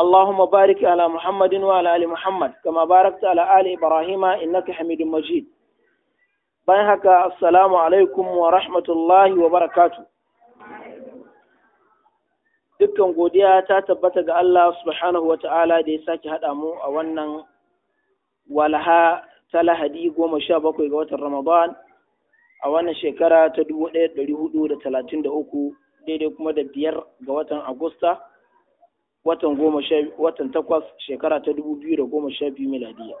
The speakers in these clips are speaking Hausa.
اللهم بارك على محمد وعلى آل محمد كما باركت على آل إبراهيم إنك حميد مجيد bayan haka عليكم alaikum wa وبركاته wa barakatu dukkan godiya ta tabbata ga Allah subhanahu wa ta'ala da ya sake haɗa mu a wannan walaha ta lahadi goma sha bakwai ga watan ramadan a wannan shekara ta dubu ɗaya ɗari hudu da talatin da uku daidai kuma da biyar ga watan agusta watan goma sha watan takwas shekara ta dubu biyu da goma sha biyu miladiya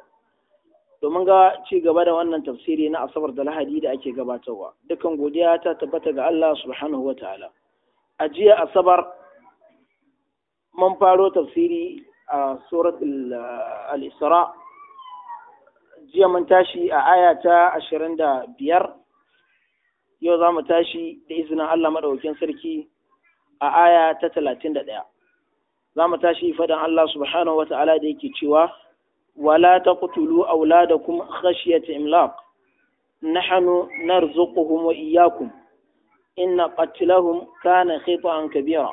domin ga ci gaba da wannan tafsiri na asabar da lahadi da ake gabatarwa dukan godiya ta tabbata ga Allah subhanahu wa ta'ala a jiya asabar mun faro tafsiri a surat uh, al-isra jiya mun tashi a aya ta ashirin da biyar yau za mu tashi da izinin Allah maɗaukin sarki a aya ta talatin da ɗaya za mu tashi fadan Allah subhanahu ta'ala da yake cewa wala taqtulu auladakum khashyata imlaq nahnu narzuquhum wa iyyakum inna qatlahum kana khita'an kabira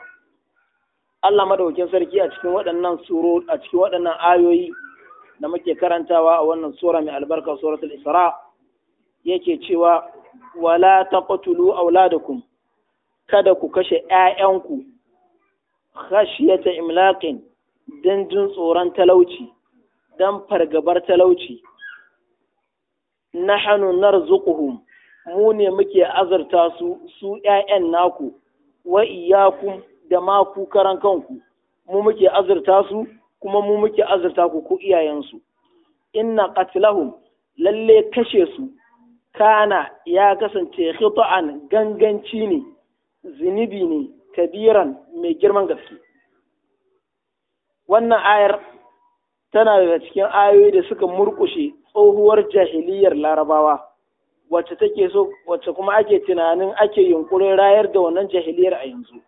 Allah madaukakin sarki a cikin waɗannan suro a cikin waɗannan ayoyi da muke karantawa a wannan sura mai albarka suratul Isra yake cewa wala da auladakum kada ku kashe 'ya'yanku khashiyata imlaqin dan jin tsoron talauci dan fargabar talauci nahanu narzuquhum mu ne muke azurta su su ƴaƴan naku wa iyyakum da ma ku karan kanku mu muke azurta su kuma mu muke azurta ku ku iyayensu inna qatlahum lalle kashe su kana ya kasance khita'an ganganci ne zinibi ne kabiran mai girman gaske wannan ayar tana daga cikin ayoyi da suka murkushe tsohuwar jahiliyar larabawa wacce take so wacce kuma ake tunanin ake yunkurin rayar da wannan jahiliyar a yanzu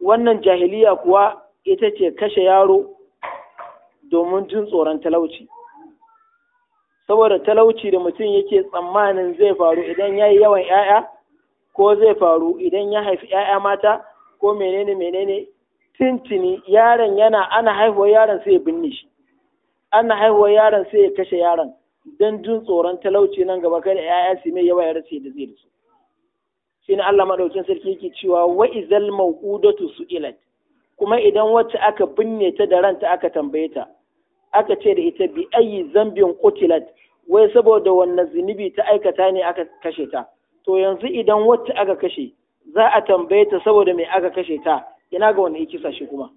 wannan jahiliya kuwa ita ce kashe yaro domin jin tsoron talauci saboda talauci da mutum yake tsammanin zai faru idan ya yi yawan 'ya'ya ko zai faru idan ya haifi ‘ya'ya mata ko menene menene tintini yaron yana ana haihuwar yaron sai ya binne shi ana haihuwar yaron sai ya kashe yaron don jin tsoron talauci nan gaba kada ‘ya'ya su mai yawa ya rasu da zai rasu shi ne Allah maɗaukin sarki yake cewa wa izal mawqudatu su'ilat kuma idan wacce aka binne ta da ranta aka tambaye ta aka ce da ita bi ayi zambin qutilat wai saboda wannan zunubi ta aikata ne aka kashe ta to yanzu idan wacce aka kashe za a tambaye ta saboda mai aka kashe ta ina ga wani kisa shi kuma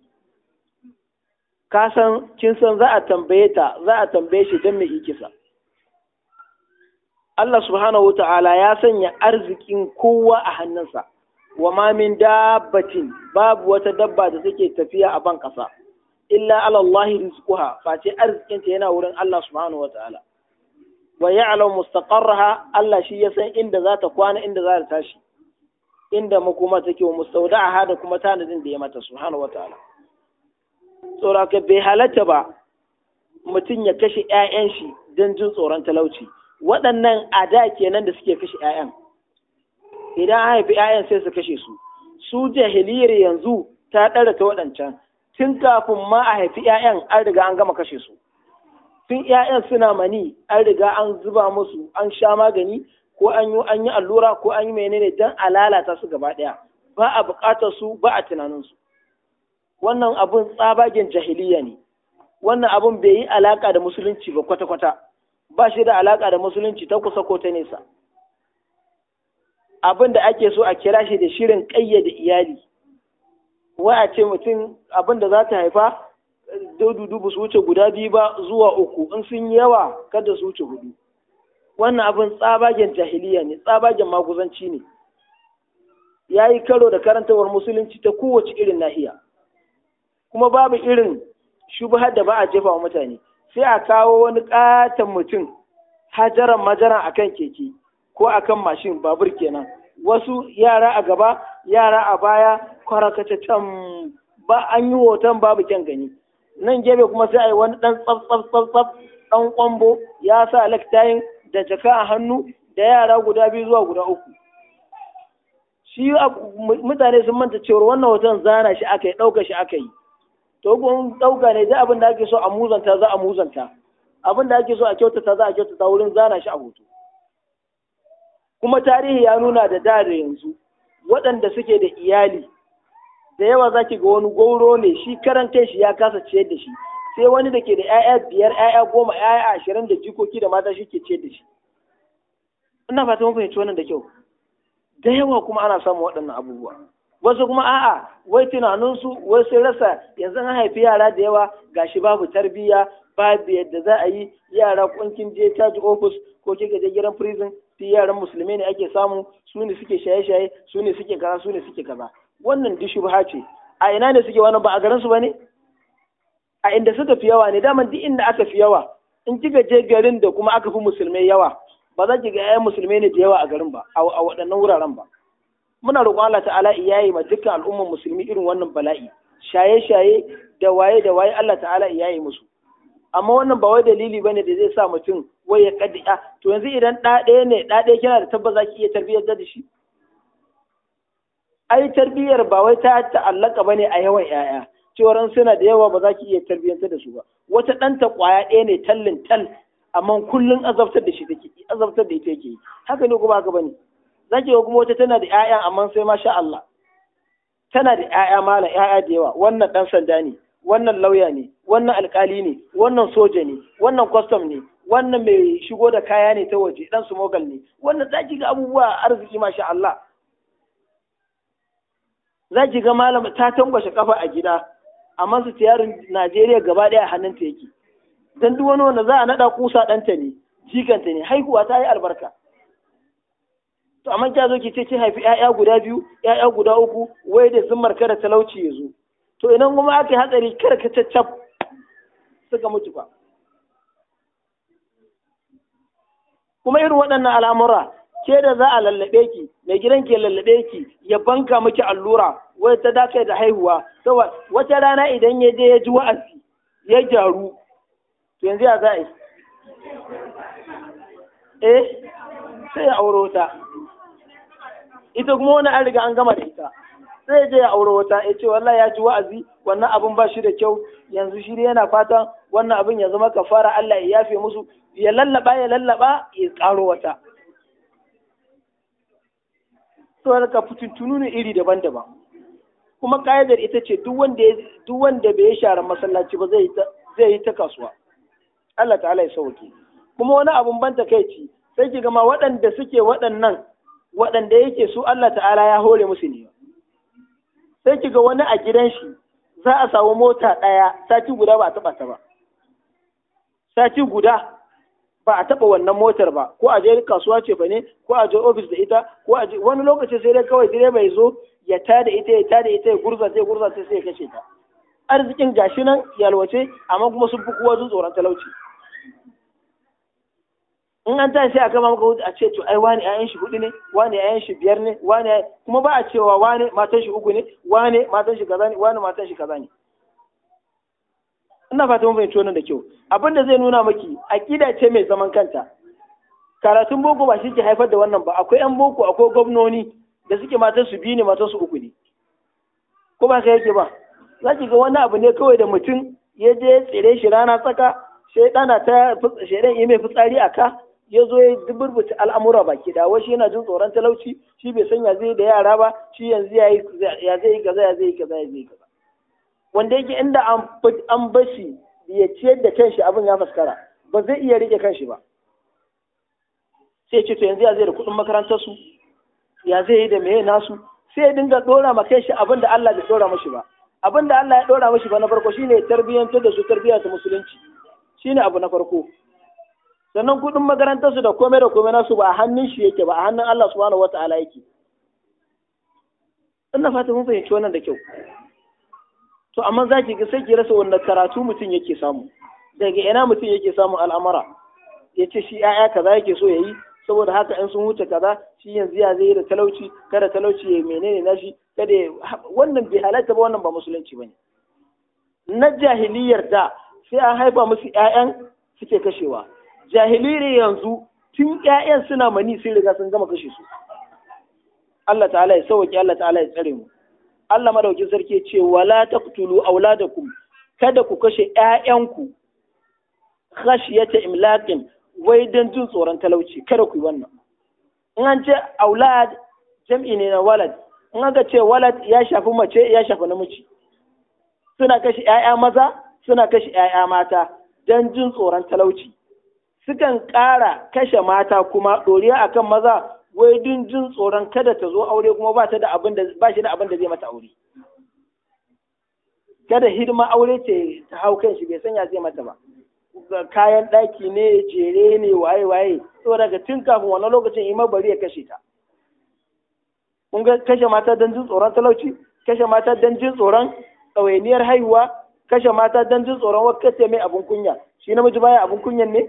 ka san kin san za a tambaye ta za a tambaye shi don mai kisa Allah subhanahu wa ta'ala ya sanya arzikin kowa a hannunsa wa ma min dabbatin babu wata dabba da take tafiya a ban kasa illa ala Allah rizquha face arzikinta yana wurin Allah subhanahu wa ta'ala wa ya'lamu mustaqarraha Allah shi ya san inda za ta kwana inda za ta tashi inda makoma take wa mustaudaha da kuma tanadin da ya mata subhanahu wataala tsora ka bai halatta ba mutum ya kashe 'ya'yan shi don jin tsoron talauci waɗannan a da kenan da suke kashe 'ya'yan idan an haifi 'ya'yan sai su kashe su su jahiliyar yanzu ta ɗara ta waɗancan tun kafin ma a haifi 'ya'yan an riga an gama kashe su tun 'ya'yan suna mani an riga an zuba musu an sha magani ko an yi allura ko an yi menene don a lalata su gaba ɗaya ba a buƙatar su ba a tunanin su wannan abun tsabagen jahiliya ne wannan abun bai yi alaka da musulunci ba kwata-kwata ba shi da alaka da musulunci ta kusa ko ta nesa abin da ake so a kira shi da shirin ƙayyade iyali wai a ce mutum abin da za ta haifa dodudu ba su wuce guda biyu ba zuwa uku in sun yawa kada su wuce hudu wannan abin tsabagen jahiliya ne tsabagen maguzanci ne ya yi karo da karantawar musulunci ta kowace irin nahiya kuma babu irin shubhar da ba a jefa wa mutane sai a kawo wani katon mutum hajaran majaran akan keke ko akan mashin babur kenan wasu yara a gaba yara a baya kwarakataccen ba an yi hoton babu kyan gani nan gefe kuma sai a wani ɗan tsaf tsaf tsaf ɗan kwambo ya sa laktayin da jaka a hannu da yara guda biyu zuwa guda uku shi mutane sun manta cewar wannan hoton zana shi aka yi ɗauka shi aka yi to kun ɗauka ne da abin da ake so a muzanta za a muzanta abin da ake so a kyautata za a kyautata wurin zana shi a hoto kuma tarihi ya nuna da da da yanzu waɗanda suke da iyali da yawa za ki ga wani gauro ne shi karan shi ya kasa ciyar da shi sai wani da ke da 'ya'ya biyar 'ya'ya goma 'ya'ya ashirin da jikoki da mata shi ke ciyar da shi ina fata mun fahimci wannan da kyau da yawa kuma ana samun waɗannan abubuwa wasu kuma a'a wai tunaninsu wai sun rasa yanzu an haifi yara da yawa ga shi babu tarbiyya babu yadda za a yi yara kunkin je caji ofis ko kika je gidan prison ti yaran musulmai ne ake samu su ne suke shaye-shaye su ne suke kaza su ne suke kaza wannan duk ba ce a ina ne suke wannan ba a garin su ne? a inda suka fi yawa ne daman duk inda aka fi yawa in kika je garin da kuma aka fi musulmai yawa ba za ki ga 'ya'yan musulmai ne da yawa a garin ba a waɗannan wuraren ba muna roƙon Allah ta'ala yi ma dukkan al'ummar musulmi irin wannan bala'i shaye-shaye da waye da waye Allah ta'ala yi musu amma wannan ba wai dalili bane da zai sa mutum wai ya kaddiya ah, to yanzu idan ɗa ɗaya ne ɗa ɗaya kina da tabbas za ki iya tarbiyyar da shi ai tarbiyyar ba wai ta ta'allaka ne a yawan yaya cewar suna da yawa ba za ki iya tarbiyyanta da su ba wata ɗanta ƙwaya ɗaya ne tallin tal amma kullum azabtar da shi take azabtar da ita yake haka ne kuma haka bane zaki ga kuma wata tana da 'ya'ya, amma sai masha Allah tana da 'ya'ya mala 'ya'ya da yawa wannan ɗan sanda ne wannan lauya ne wannan alkali ne wannan soja ne wannan kwastam ne wannan mai shigo da kaya ne ta waje dan mogal ne wannan zaki ga abubuwa arziki masha Allah za ki ga malam ta tangwashe kafa a gida amma su tiyarin Najeriya gaba ɗaya hannunta yake dan duk wani wanda za a naɗa kusa danta ne jikanta ne haihuwa ta yi albarka to amma kya zo ki ce ki haifi 'ya'ya guda biyu 'ya'ya guda uku wai da zummar kada talauci ya zo to idan kuma aka yi hatsari kar ka caccab suka mutu ba kuma irin waɗannan al'amura ke da za a lallabe ki mai gidan ke lallabe ki ya banka miki allura wai ta dace da haihuwa saboda wata rana idan ya je ya ji wa'azi ya gyaru to yanzu ya za a yi eh sai ya auro ta ita kuma wani an riga an gama da ita sai je ya auro wata ya ce wallahi ya ji wa'azi wannan abin ba shi da kyau yanzu shi yana fatan wannan abin ya zama kafara Allah ya yafe musu ya lallaba ya lallaba ya karo wata so fitintunu ne iri daban-daban kuma ka'idar ita ce duk wanda bai share masallaci ba zai yi ta kasuwa Allah ta'ala ya sauke kuma wani abun ban ci sai ki gama waɗanda suke waɗannan waɗanda yake su Allah ta'ala ya hore musu ne sai ki ga wani a gidan shi za a samu mota ɗaya sati guda ba a taɓa ta ba sati guda ba a taɓa wannan motar ba ko a je kasuwa ce fa ne ko a je ofis da ita ko a je wani lokaci sai dai kawai direba ya zo ya tada ita ya tada ita ya gurza ta gurza ta sai ya kashe ta arzikin gashi nan yalwace amma kuma sun fi kowa jin tsoron talauci in an ta sai a kama maka a ce to ai wani ayan shi hudu ne wani ayan shi biyar ne wani kuma ba a cewa wani matan shi uku ne wani matan shi kaza ne wani matan shi kaza ne ina fata mun fahimci wannan da kyau abin da zai nuna maki aƙida ce mai zaman kanta karatun boko ba shi ke haifar da wannan ba akwai yan boko akwai gwamnoni da suke matan su biyu ne matan su uku ne ko ba sai yake ba za ki ga wani abu ne kawai da mutum ya je tsere shi rana tsaka sai ta shaidan yi mai fitsari a ka ya zo ya duburbuta al'amura baki da wai shi yana jin tsoron talauci shi bai sanya zai da yara ba shi yanzu ya zai yi kaza ya zai yi kaza ya zai yi kaza wanda yake inda an bashi ya ciyar da kanshi abin ya faskara ba zai iya rike kanshi ba sai ce to yanzu ya zai da kuɗin makarantar su ya zai yi da meye nasu sai ya dinga dora ma kanshi abin da Allah bai dora mashi ba abin da Allah ya dora mashi ba na farko shine tarbiyyantar da su tarbiyyar ta musulunci shine abu na farko sannan kuɗin makarantar su da komai da komai nasu ba a hannun shi yake ba a hannun Allah subhanahu wataala yake ina fata mun fahimci wannan da kyau to amma za ki sai ki rasa wanda karatu mutum yake samu daga ina mutum yake samu al'amara ya ce shi ya'ya kaza yake so ya yi saboda haka in sun huce kaza shi yanzu ya zai da talauci kada talauci ya menene na shi kada wannan bai halatta ba wannan ba musulunci bane na jahiliyar da sai an haifa musu ƴaƴan suke kashewa jahiliyar yanzu tun ƴaƴan suna mani sai riga sun gama kashe su Allah ta'ala ya sauke Allah ta'ala ya tsare mu Allah madaukin sarki ya ce wala taqtulu auladakum kada ku kashe ƴaƴanku khashiyata imlaqin wai dan jin tsoron talauci kada ku yi wannan in an ce aulad jam'i ne na walad in aka ce walad ya shafi mace ya shafi namiji suna kashe ƴaƴa maza suna kashe ƴaƴa mata dan jin tsoron talauci sukan ƙara kashe mata kuma ɗoriya akan maza wai din jin tsoron kada ta zo aure kuma ba ta da abin da ba shi da abin da zai mata aure kada hidima aure ce ta hau kan shi bai sanya zai mata ba kayan ɗaki ne jere ne waye waye saboda ga tun kafin wannan lokacin ima bari ya kashe ta kun ga kashe mata don jin tsoron talauci kashe mata don jin tsoron ɗawainiyar haihuwa kashe mata don jin tsoron wakkace mai abin kunya shi namiji baya abun kunyan ne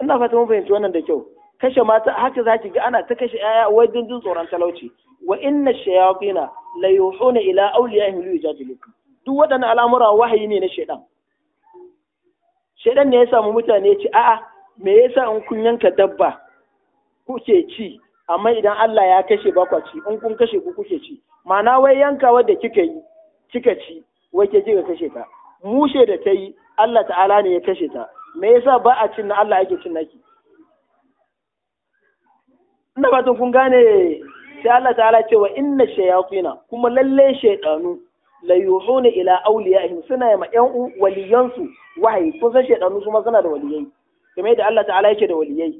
ina fata mun fahimci wannan da kyau kashe mata haka zaki ga ana ta kashe yaya wai jin tsoron talauci wa inna shayafina, la yuhuna ila awliyaihim li yujadilukum duk waɗannan al'amura wahayi ne na shaydan shaydan ne ya samu mutane ya ce a'a me yasa in kun yanka dabba kuke ci amma idan Allah ya kashe ba kwa ci in kun kashe ku kuke ci ma'ana wai yanka da kika yi kika ci wai ke ji ka kashe ta mushe da ta yi Allah ta'ala ne ya kashe ta me yasa ba a cin na Allah ake cin naki ina fatan kun gane sai Allah ta'ala cewa inna shayatina kuma lalle shaytanu la yuhuna ila awliyahi suna yama yan waliyansu wahayi kun san shaytanu kuma suna da waliyai kamar yadda Allah ta'ala yake da waliyai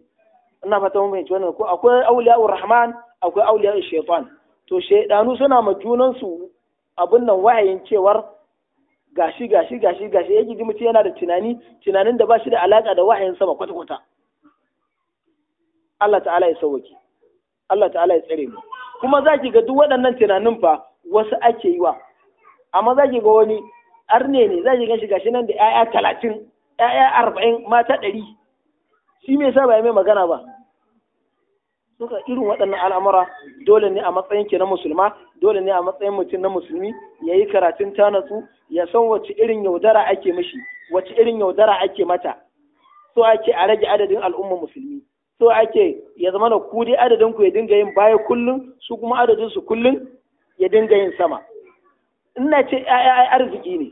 ina fatan mun fahimci wannan ko akwai awliyaur rahman akwai awliyaur shaytan to shaytanu suna ma junansu abin nan wahayin cewar gashi gashi gashi gashi ya ji mutum yana da tunani tunanin da ba shi da alaka da wahayin sama kwata kwata Allah ta'ala ya sauwake Allah ta'ala ya tsare mu kuma za ki ga duk waɗannan tunanin fa wasu ake yi wa amma za ki ga wani arne ne za ki gan gashi nan da 'ya'ya talatin 'ya'ya arba'in mata ɗari shi me yasa ba ya mai magana ba suka irin waɗannan al'amura dole ne a matsayin ke na musulma dole ne a matsayin mutum na musulmi ya yi karatun natsu. ya san wace irin yaudara ake mishi wace irin yaudara ake mata so ake a rage adadin al'umma musulmi so ake ya zama na ku adadin ku ya dinga yin baya kullum su kuma adadin su kullum ya dinga yin sama ina ce yaya arziki ne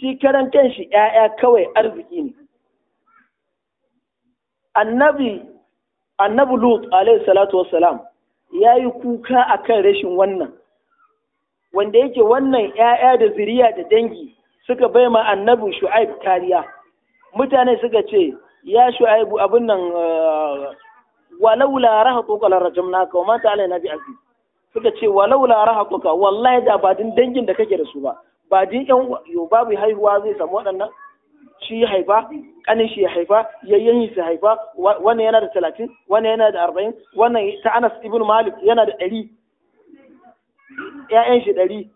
shi karan kanshi 'ya'ya kawai arziki ne annabi annabi lut alaihi salatu wassalam ya yi kuka akan rashin wannan wanda yake wannan ‘ya'ya da zuriya da dangi suka bai ma annabi shu'aib kariya mutane suka ce ya shu'aibu abin nan uh, walau la rahatuka la ka, wa mata alaina bi aziz suka ce walau la rahatuka wallahi da ba din dangin da kake da su ba ba din yan babu haihuwa zai samu waɗannan shi ya haifa kanin shi ya haifa yayyan shi ya haifa wannan yana da talatin wannan yana da arba'in wannan ta anas ibn malik yana da ɗari ƴaƴan shi ɗari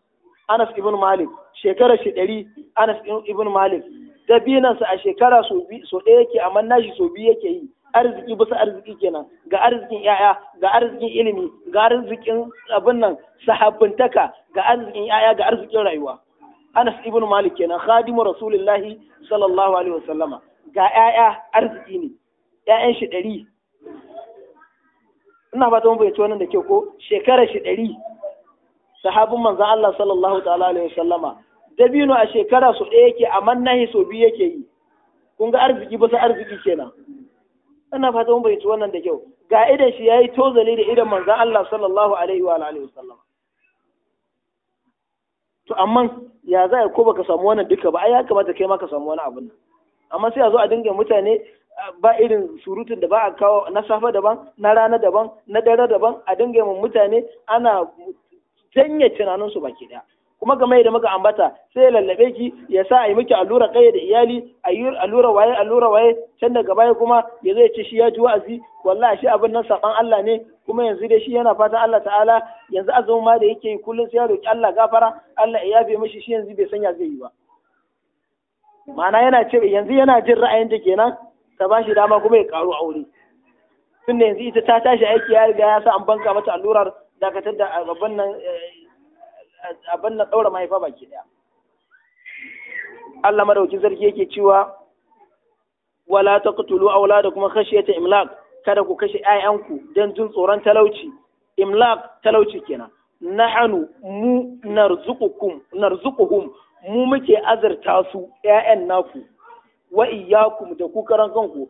anas ibn malik shekarar shi ɗari anas ibn malik dabinansa a shekara so ɗaya yake amma nashi so biyu yake yi arziki bisa arziki kenan ga arzikin yaya ga arzikin ilimi ga arzikin abin nan sahabbantaka ga arzikin yaya ga arzikin rayuwa Anas ibn Malik kenan khadimu Rasulullahi sallallahu alaihi sallama. ga ƴaƴa arziki ne ƴaƴan shi ɗari ina fata don bayyana wannan da ke ko shekara shi ɗari sahabin manzo Allah sallallahu ta'ala alaihi wasallama dabino a shekara so ɗaya yake a mannahi so biyu yake yi kun ga arziki ba sa arziki kenan ina fata don bayyana wannan da kyau ga idan shi yayi tozali da idan manzo Allah sallallahu alaihi wa alihi wasallama to amma ya za ko baka samu wannan duka ba ai ya kamata kai ma ka samu wani abin nan amma sai a zo a dinga mutane ba irin surutun da ba a kawo na safe daban na rana daban na dare daban a dinga mun mutane ana janye tunanin su baki daya kuma game da muka ambata sai ya lallabe ki ya sa a yi miki allura kai da iyali a yi allura waye allura waye can daga baya kuma ya zai ci shi ya ji wa'azi wallahi shi abin nan saban Allah ne kuma yanzu dai shi yana fatan Allah ta'ala yanzu azumin ma da yake yi kullum sai ya roki Allah gafara Allah ya yafe mishi shi yanzu bai sanya zai yi ba ma'ana yana ce yanzu yana jin ra'ayin da kenan ta ba shi dama kuma ya karu aure Tunda yanzu ita ta tashi aiki ya riga ya sa an banka mata allurar dakatar da gaban nan eh, abin na ɗaura mahaifa baki ɗaya Allah madauki zargi yake cewa wala taqtulu kashe khashyata imlaq kada ku kashe ƴaƴanku dan jin tsoron talauci imlaq talauci kenan nahanu mu narzuqukum narzuquhum mu muke azurta su ƴaƴan naku wa iyyakum da ku karan kanku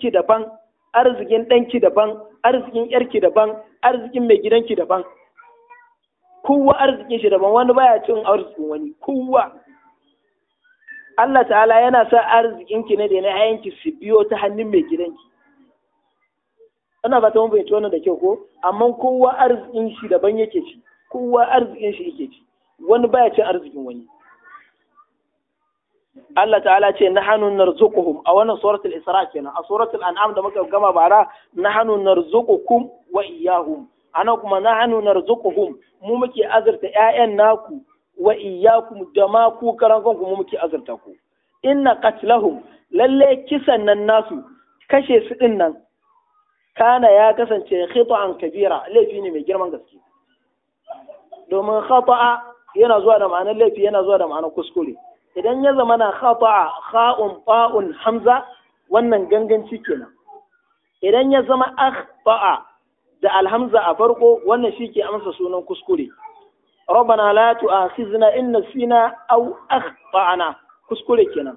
ki daban arzikin ɗanki daban arzikin yarki daban arzikin mai gidanki daban kowa arzikin shi daban wani baya cin arzikin wani kowa Allah ta'ala yana sa arzikinki ne da na ayanki su biyo ta hannun mai gidanki ana fata mun fahimci wannan da kyau ko amma kowa arzikin shi daban yake ci kowa arzikin shi yake ci wani baya cin arzikin wani Allah ta'ala ce nahanu narzuquhum a wannan suratul isra kenan a suratul an'am da muka gama bara nahanu narzuqukum wa iyyahum ana kuma na na narzuquhum mu muke azurta 'ya'yan naku wa da ma ku karan kanku mu muke azurta ku inna qatlahum lalle kisan nan nasu kashe su din nan kana ya kasance khita'an kabira laifi ne mai girman gaske domin khata'a yana zuwa da ma'anar laifi yana zuwa da ma'anar kuskure idan ya zama na khata'a kha'un fa'un hamza wannan ganganci kenan idan ya zama akhta'a da alhamza a farko wannan shi ke amsa sunan kuskure rabbana la tu'akhizna in nasina aw akhtana kuskure kenan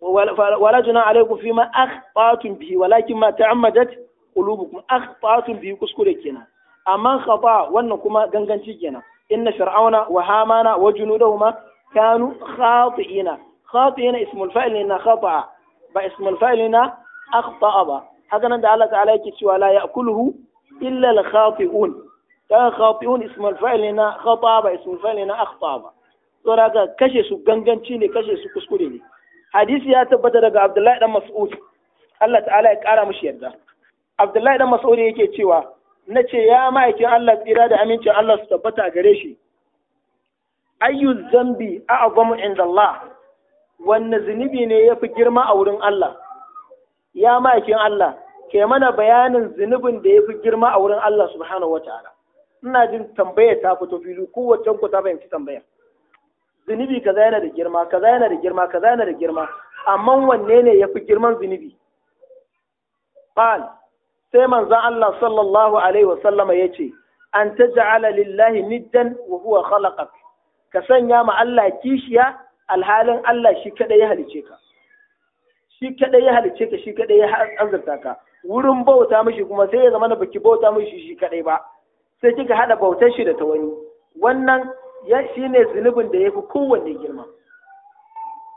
wala juna alaikum fima akhtatum bihi walakin ma ta'ammadat qulubukum akhtatum bihi kuskure kenan amma khata wannan kuma ganganci kenan inna fir'auna wa hamana wa junudahuma kanu khati'ina khati'ina ismul fa'il na khata'a ba ismul fa'il na akhta'a ba haka nan da Allah ta'ala yake cewa la ya'kuluhu illa al-khati'un kaga khati'un al fa'il ne na khata ba al fa'il ne na akhta ba to daga kashe su ganganci ne kashe su kuskure ne hadisi ya tabbata daga Abdullahi dan Mas'ud Allah ta'ala ya kara mushi yarda Abdullahi dan Mas'ud yake cewa na ce ya ma'aikin Allah tsira da amincin Allah su tabbata a gare shi ayyu zambi a'zamu inda Allah wanne zunubi ne yafi girma a wurin Allah ya ma'aikin Allah ke mana bayanin zunubin da ya fi girma a wurin Allah subhanahu ta'ala. ina jin tambaya ta fito fili kowace ku ta fahimci tambaya zunubi kaza yana da girma kaza yana da girma kaza yana da girma amma wanne ne ya fi girman zunubi qal sai manzon Allah sallallahu alaihi wa sallama ce, an ja'ala lillahi niddan wa huwa khalaqak ka sanya ma Allah kishiya alhalin Allah shi kadai ya halice ka shi kadai ya halice ka shi kadai ya azurta ka wurin bauta mishi kuma sai ya zama na baki bauta mishi shi kadai ba sai kika hada bautar shi da ta wani wannan ya shine zunubin da yafi kowanne girma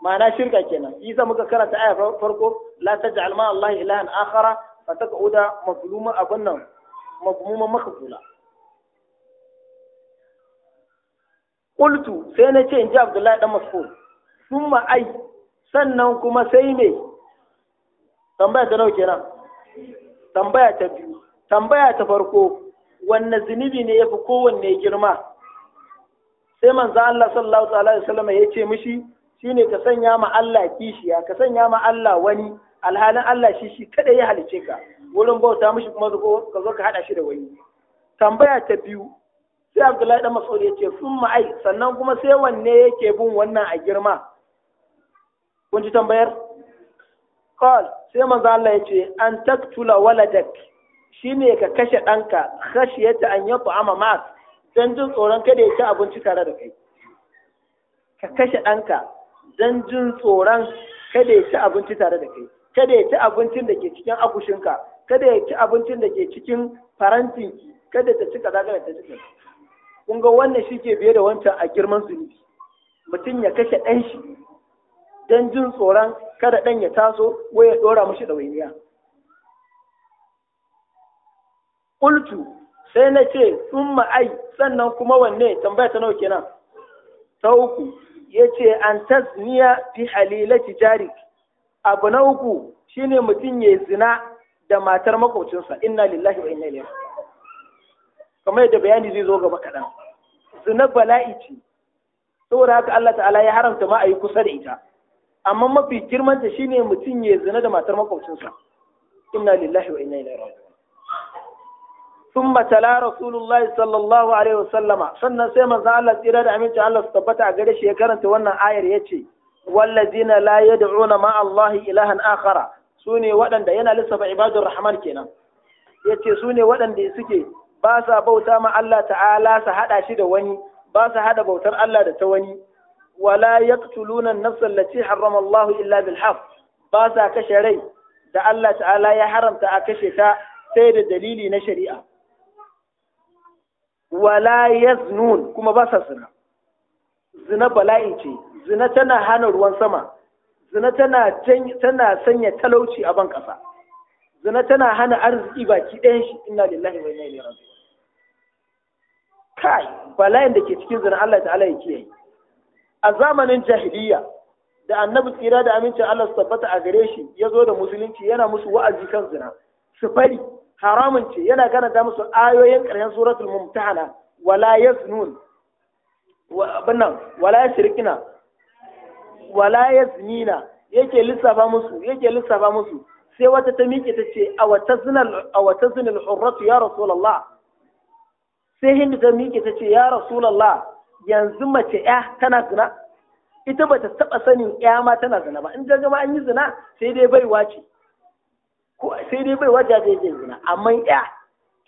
ma'ana shirka kenan isa muka karanta aya farko la taj'al ma Allah ilahan akhara fa taq'uda mazluma abannan mazmuma makhzula qultu sai na ce inji Abdullahi dan Mas'ud summa ai sannan kuma sai me tambaya ta nawa kenan tambaya ta biyu tambaya ta farko wanne zunubi ne yafi kowanne girma sai manzo Allah sallallahu alaihi wasallam ya ce mishi shine ka sanya ma Allah kishiya ka sanya ma Allah wani alhalin Allah shi shi kada ya halice ka wurin bauta mishi kuma ka zo ka hada shi da wani tambaya ta biyu sai Abdullahi dan Mas'ud ya ce sun ma'ai sannan kuma sai wanne yake bin wannan a girma kun ji tambayar qal sai manzo Allah yace an taktula waladak shine ka kashe ɗanka khashiyata an yat'ama ma'ak dan jin tsoron kada ya ci abinci tare da kai ka kashe ɗanka dan jin tsoron kada ya ci abinci tare da kai kada ya ci abincin da ke cikin akushinka kada ya ci abincin da ke cikin farantinki kada ta ci kaza kada ta ci kaza kun ga wannan shi ke biye da wancan a girman zunubi mutum ya kashe ɗan shi Dan jin tsoron kada ɗan ya taso wai ya ɗora mashi wainiya Ƙultu sai na ce sun ma'ai sannan kuma wanne tambaya ta nawa kenan. Ta uku ya ce an tasniya fi halilati jari. Abu na uku shine mutum ya zina da matar makocinsa inna lillahi wa inna ilaihi. Kamar yadda bayani zai zo gaba kaɗan. Zina bala'i ce. Saboda haka Allah ta'ala ya haramta ma a kusa da ita. amma mafi girman ta shine mutum ya zina da matar makwabcinsa inna lillahi wa inna ilaihi raji'un thumma tala rasulullahi sallallahu alaihi sallama. sannan sai manzo Allah tsira da aminci Allah su tabbata a gare shi ya karanta wannan ayar yace wallazina la yad'una ma Allah ilahan akhara sune waɗanda yana lissafa ibadur rahman kenan yace sune waɗanda suke ba sa bauta ma Allah ta'ala su hada shi da wani ba sa hada bautar Allah da ta wani wala yaqtuluna an-nafs allati harrama Allah illa bil haqq ba kashe rai da Allah ta'ala ya haramta a kashe ta sai da dalili na shari'a wala yaznun kuma ba sa zina zina bala'i ce zina tana hana ruwan sama zina tana tana sanya talauci a ban kasa zina tana hana arziki baki ɗayan shi inna lillahi wa inna ilaihi raji'un kai bala'in da ke cikin zina Allah ta'ala ya kiyaye a zamanin jahiliya da annabi tsira da amincin Allah su tabbata a gare shi ya zo da musulunci yana musu wa'azi kan zina su bari haramun ce yana karanta musu ayoyin ƙarshen suratul mumtana wala yaznun bannan wala yashrikina wala yaznina yake lissafa musu yake lissafa musu sai wata ta miƙe ta ce a wata zinal a wata zinal ya rasulullah sai hindu ta miƙe ta ce ya rasulullah yanzu mace ya tana zina ita bata taba sanin ya ma tana zina ba in ga ma an yi zina sai dai baiwa ce ko sai dai baiwa ta je zina amma ya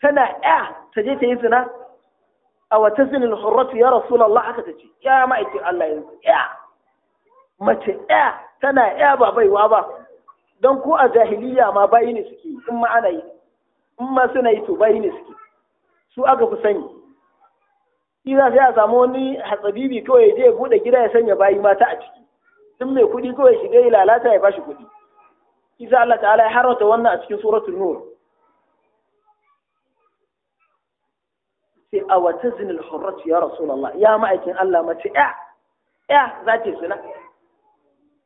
tana ya ta je ta yi zina a wata zinin hurratu ya rasulullah haka ta ce ya ita Allah yanzu ya mace ya tana ya ba baiwa ba don ko a jahiliya ma bayi ne suke in ma ana yi in ma suna yi to bayi ne suke su aka fi sani shi sai a samu wani hatsabibi kawai je buɗe gida ya sanya bayi mata a ciki duk mai kuɗi kawai shiga ya lalata ya bashi kuɗi isa Allah ta'ala ya harwata wannan a cikin suratul nur sai a wata zinil hurratu ya rasulullah ya ma'aikin Allah mace ya ya za ta suna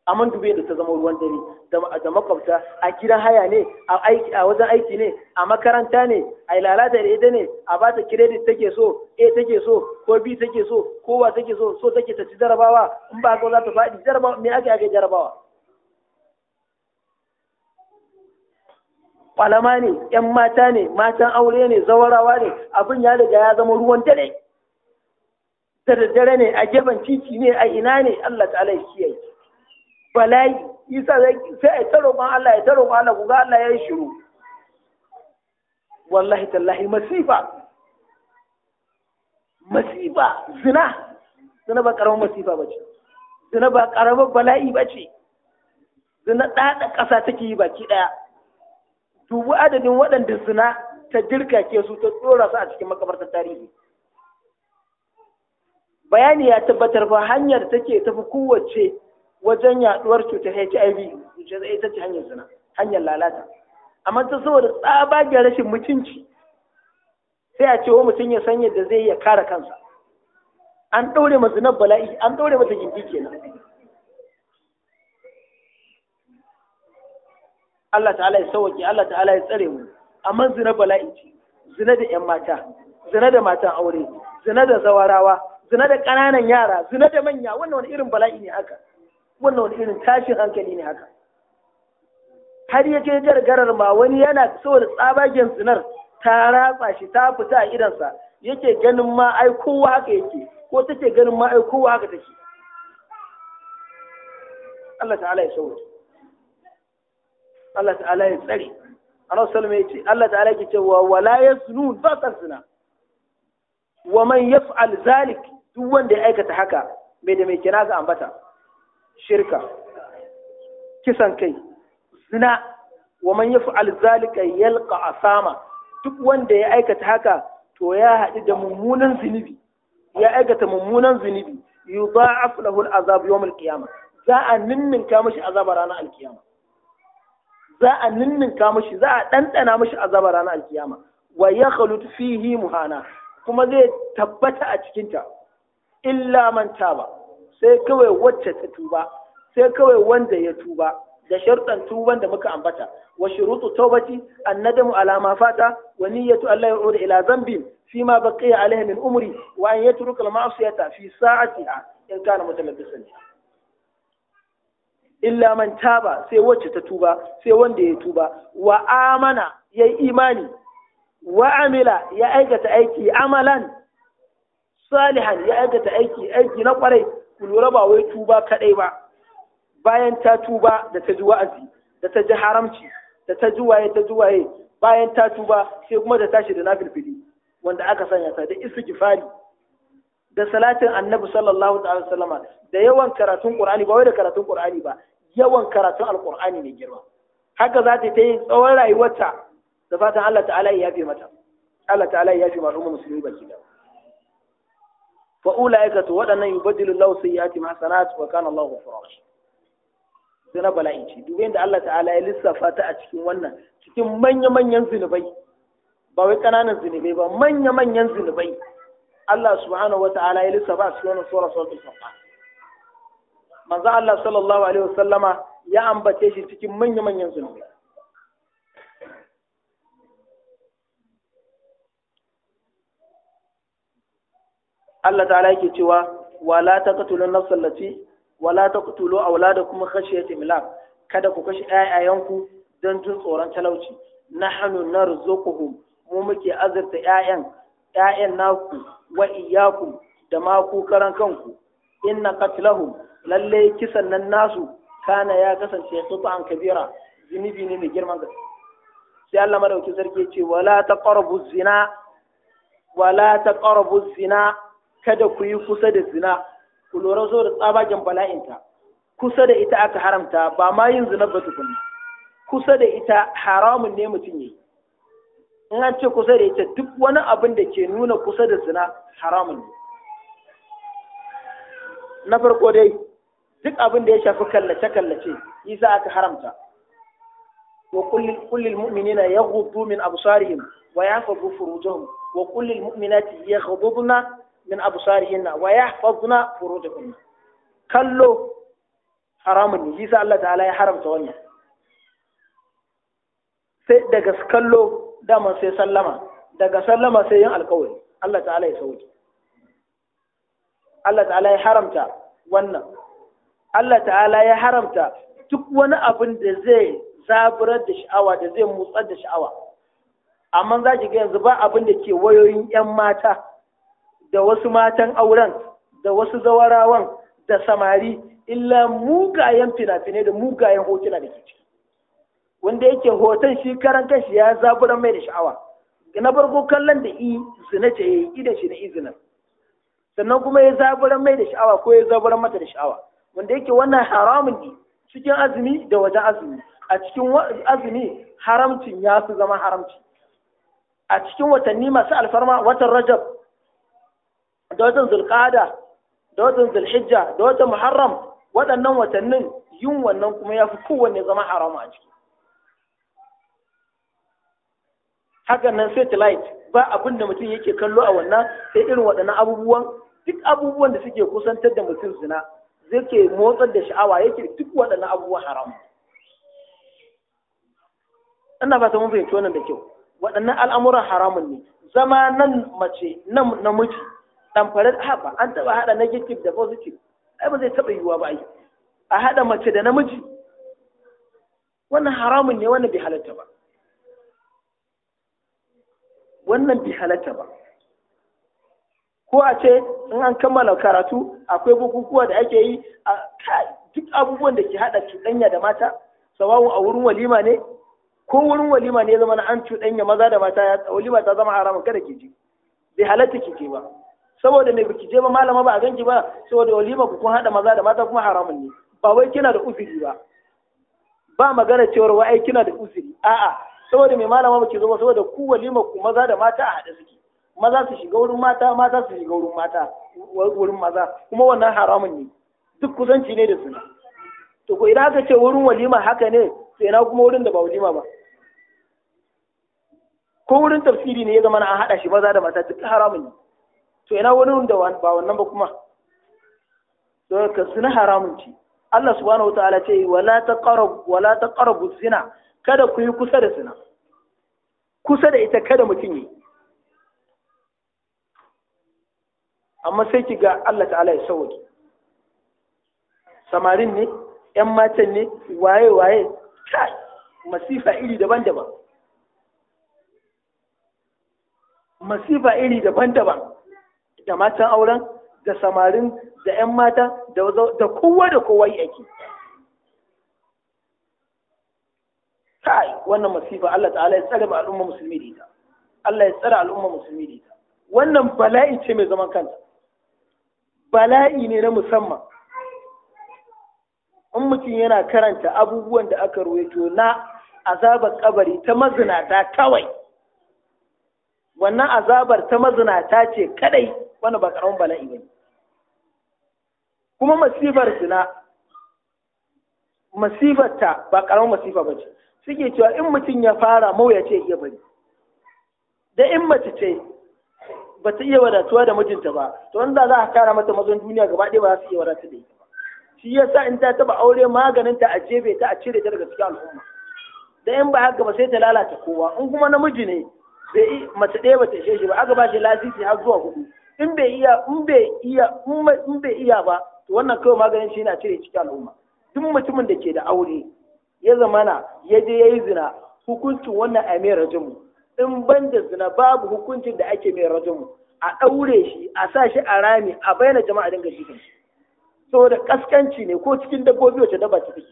amma dubai da ta zama ruwan dare da makwabta a gidan haya ne a wajen aiki ne a makaranta ne a lalata da ita ne a ba ta credit take so a take so ko b take so ko wa take so so take ta ci jarabawa in ba ka za ta faɗi jarabawa me aka ake jarabawa kwalama ne yan mata ne matan aure ne zawarawa ne abin ya riga ya zama ruwan dare da daddare ne a gefen titi ne a ina ne Allah ta'ala ya kiyaye bala'i isa sai a taro ma Allah ya ta ma Allah ku ga Allah ya yi shiru wallahi tallahi masifa masifa zina zina ba karamar masifa ba ce zina ba karamar bala'i ba ce zina ɗaɗa ƙasa take yi baki ɗaya dubu adadin waɗanda zina ta dirka ke su ta tsora su a cikin makabartar tarihi bayani ya tabbatar ba hanyar take tafi kowace wajen yaduwar cutar HIV cutar ita ce hanyar zina hanyar lalata amma ta saboda tsabagen rashin mutunci sai a ce wa mutum ya san yadda zai ya kare kansa an ɗaure ma zinar bala'i an ɗaure mata gindi kenan Allah ta'ala ya sauke Allah ta'ala ya tsare mu amma zina bala'i ce zina da ƴan mata zina da matan aure zina da zawarawa zina da ƙananan yara zina da manya wannan wani irin bala'i ne haka wannan wani irin tashin hankali ne haka har ya je gargarar ma wani yana saboda tsabagen tsinar ta ratsa shi ta fita a idansa yake ganin ma ai kowa haka yake ko take ganin ma ai kowa haka take Allah ta'ala ya sauke Allah ta'ala ya tsare Allah sallama ya ce Allah ta'ala ke cewa wala ya ba san zina wa man yaf'al zalik duk wanda ya aikata haka mai da mai kira ga ambata shirka kisan kai zina wa man yaf'al zalika yalqa asama duk wanda ya aikata haka to ya haɗu da mummunan zunubi ya aikata mummunan zunubi yudha'af lahu al'azab yawm al qiyama za a ka mashi azaba ranar alkiyama za a ka mashi za a ɗanɗana mashi azaba ranar alkiyama wa yakhlut fihi muhana kuma zai tabbata a cikinta illa man taba sai kawai wacce ta tuba sai kawai wanda ya tuba da sharuɗan tuban da muka ambata wa shurutu tawbati annadamu ala ma fata wa niyyatu alla yu'ud ila dhanbin fi ma baqiya alayhi min umri wa an yatruka al ma'siyata fi sa'atiha in kana mutalabbisan illa man taba sai wacce ta tuba sai wanda ya tuba wa amana yayi imani wa amila ya aikata aiki amalan salihan ya aikata aiki aiki na kwarai kulura ba wai tuba kadai ba bayan ta tuba da ta ji wa'azi da ta ji haramci da ta ji waye ta ji waye bayan ta tuba sai kuma da tashi da nafilfili wanda aka sanya ta da istighfari da salatin annabi sallallahu alaihi wasallama da yawan karatun qur'ani ba wai da karatun qur'ani ba yawan karatun alqur'ani ne girma haka za ta yi tsawon rayuwarta da fatan Allah ta'ala ya yafe mata Allah ta'ala ya yafe ma musulmi baki daya fa ulaika to waɗannan yubaddilu Allahu sayyiati ma sanat wa kana Allahu ghafura sai na bala'i ce duk yadda Allah ta'ala ya lissafa ta a cikin wannan cikin manya-manyan zunubai ba wai kananan zunubai ba manya-manyan zunubai Allah subhanahu wata'ala ya lissafa a cikin wannan sura suratul safa manzo Allah sallallahu alaihi wasallama ya ambace shi cikin manya-manyan zunubai Allah ta'ala yake cewa wala taqtulu nafsa allati wala taqtulu awladakum khashyati mila, kada ku kashe ayayanku dan jin tsoron talauci nahnu narzuquhum mu muke azurta 'ya'yan ayayan naku wa iyyakum da ma ku karan kanku inna qatlahum lalle kisan nan nasu kana ya kasance qita'an kabira zunubi ne mai girman gaske sai Allah madauki sarki ce wala taqrabu zina wala taqrabu zina kada ku yi kusa da zina ku lura zo da tsabagen bala'inta kusa da ita aka haramta ba ma yin zina ba tukuna. kusa da ita haramun ne mutum yi in an ce kusa da ita duk wani abin da ke nuna kusa da zina haramun ne na farko dai duk abin da ya shafi kallace kallace yi za aka haramta wa kullil mu'minina yaghuddu min absarihim wa yahfazu furujahum wa kullil mu'minati yaghuddu من absarihinna wa yahfazna furujahunna kallo haramun ne yasa Allah ta'ala ya haramta wannan sai daga kallo dama sai sallama daga sallama sai yin alkawari Allah ta'ala ya sauke Allah ta'ala ya haramta wannan duk wani abin da zai zaburar da sha'awa da zai motsar da sha'awa amma za ki ga yanzu ba abin da ke wayoyin 'yan mata da wasu matan auren da wasu zawarawan da samari illa mugayen fina-finai da mugayen hotuna da ke ciki wanda yake hoton shi karan kanshi ya zaburan mai da sha'awa na farko kallon da i zina ce yayi idan shi na izinin sannan kuma ya zaburan mai da sha'awa ko ya zaburan mata da sha'awa wanda yake wannan haramun ne cikin azumi da wajen azumi a cikin azumi haramcin ya su zama haramci a cikin watanni masu alfarma watan rajab da watan zulqada da watan zulhijja da muharram waɗannan watannin yin wannan kuma ya fi kowanne zama haram a ciki hakan nan satellite ba abin da mutum yake kallo a wannan sai irin waɗannan abubuwan duk abubuwan da suke kusantar da mutum zina zai ke motsar da sha'awa yake duk waɗannan abubuwan haram ina fata mun fahimci wannan da kyau waɗannan al'amuran haramun ne zama nan mace nan namiji ɗamfarar haɓa an taɓa haɗa na negative da positive ai ba zai taɓa yiwuwa ba ai a haɗa mace da namiji wannan haramun ne wannan bai halatta ba wannan bai halatta ba ko a ce in an kammala karatu akwai bukukuwa da ake yi a duk abubuwan da ke haɗa cuɗanya da mata sawawu a wurin walima ne ko wurin walima ne ya zama na an cuɗanya maza da mata walima ta zama haramun kada ke je bai halatta ke je ba saboda me biki je ba malama ba a ganki ba saboda walima ku kun hada maza da mata kuma haramun ne ba wai kina da uzuri ba ba magana cewar wai ai kina da uzuri a'a saboda me malama baki zo ba saboda ku walima ku maza da mata a hada suke maza su shiga wurin mata mata su shiga wurin mata wurin maza kuma wannan haramun ne duk kusanci ne da su. to ko idan aka ce wurin walima haka ne to ina kuma wurin da ba walima ba ko wurin tafsiri ne ya zama na an hada shi maza da mata duk haramun ne to ina wani da ba wannan ba kuma don ka zina haramun ci Allah subhanahu wataala ce wala taqrabu wala taqrabu zina kada ku yi kusa da zina kusa da ita kada mutum yi amma sai ki ga Allah ta'ala ya sauke samarin ne yan matan ne waye waye kai masifa iri daban-daban masifa iri daban-daban da matan auren da samarin da 'yan mata da kowa da kowa aiki kai wannan masifa Allah ta'ala ya tsare al'umma musulmi da ita Allah ya tsare al'umma musulmi da ita wannan bala'i ce mai zaman kanta bala'i ne na musamman in mutum yana karanta abubuwan da aka to na azabar kabari ta mazinata kawai wannan azabar ta mazinata ce kadai wannan ba karamin bala'i ba kuma masifar zina masifar ta ba karamin masifa ba ce suke cewa in mutum ya fara ce iya bari da in mace ce ba ta iya wadatuwa da mijinta ba to wanda za a kara mata mazan duniya gaba ɗaya ba za su iya wadatu da ita ba shi yasa in ta taba aure maganin ta a jefe ta a cire ta daga cikin al'umma da in ba haka ba sai ta lalata kowa in kuma namiji ne bai mace ɗaya ba ta ishe shi ba aka ba shi lasisi har zuwa hudu in bai iya in bai iya in bai iya ba to wannan kawai maganin shi yana cire ciki al'umma duk mutumin da ke da aure ya zamana ya je ya yi zina hukuncin wannan a mai rajimu in ban da zina babu hukuncin da ake mai rajimu a ɗaure shi a sa shi a rami a bayyana jama'a dinga shi shi saboda kaskanci ne ko cikin dabbobi wacce dabba ta take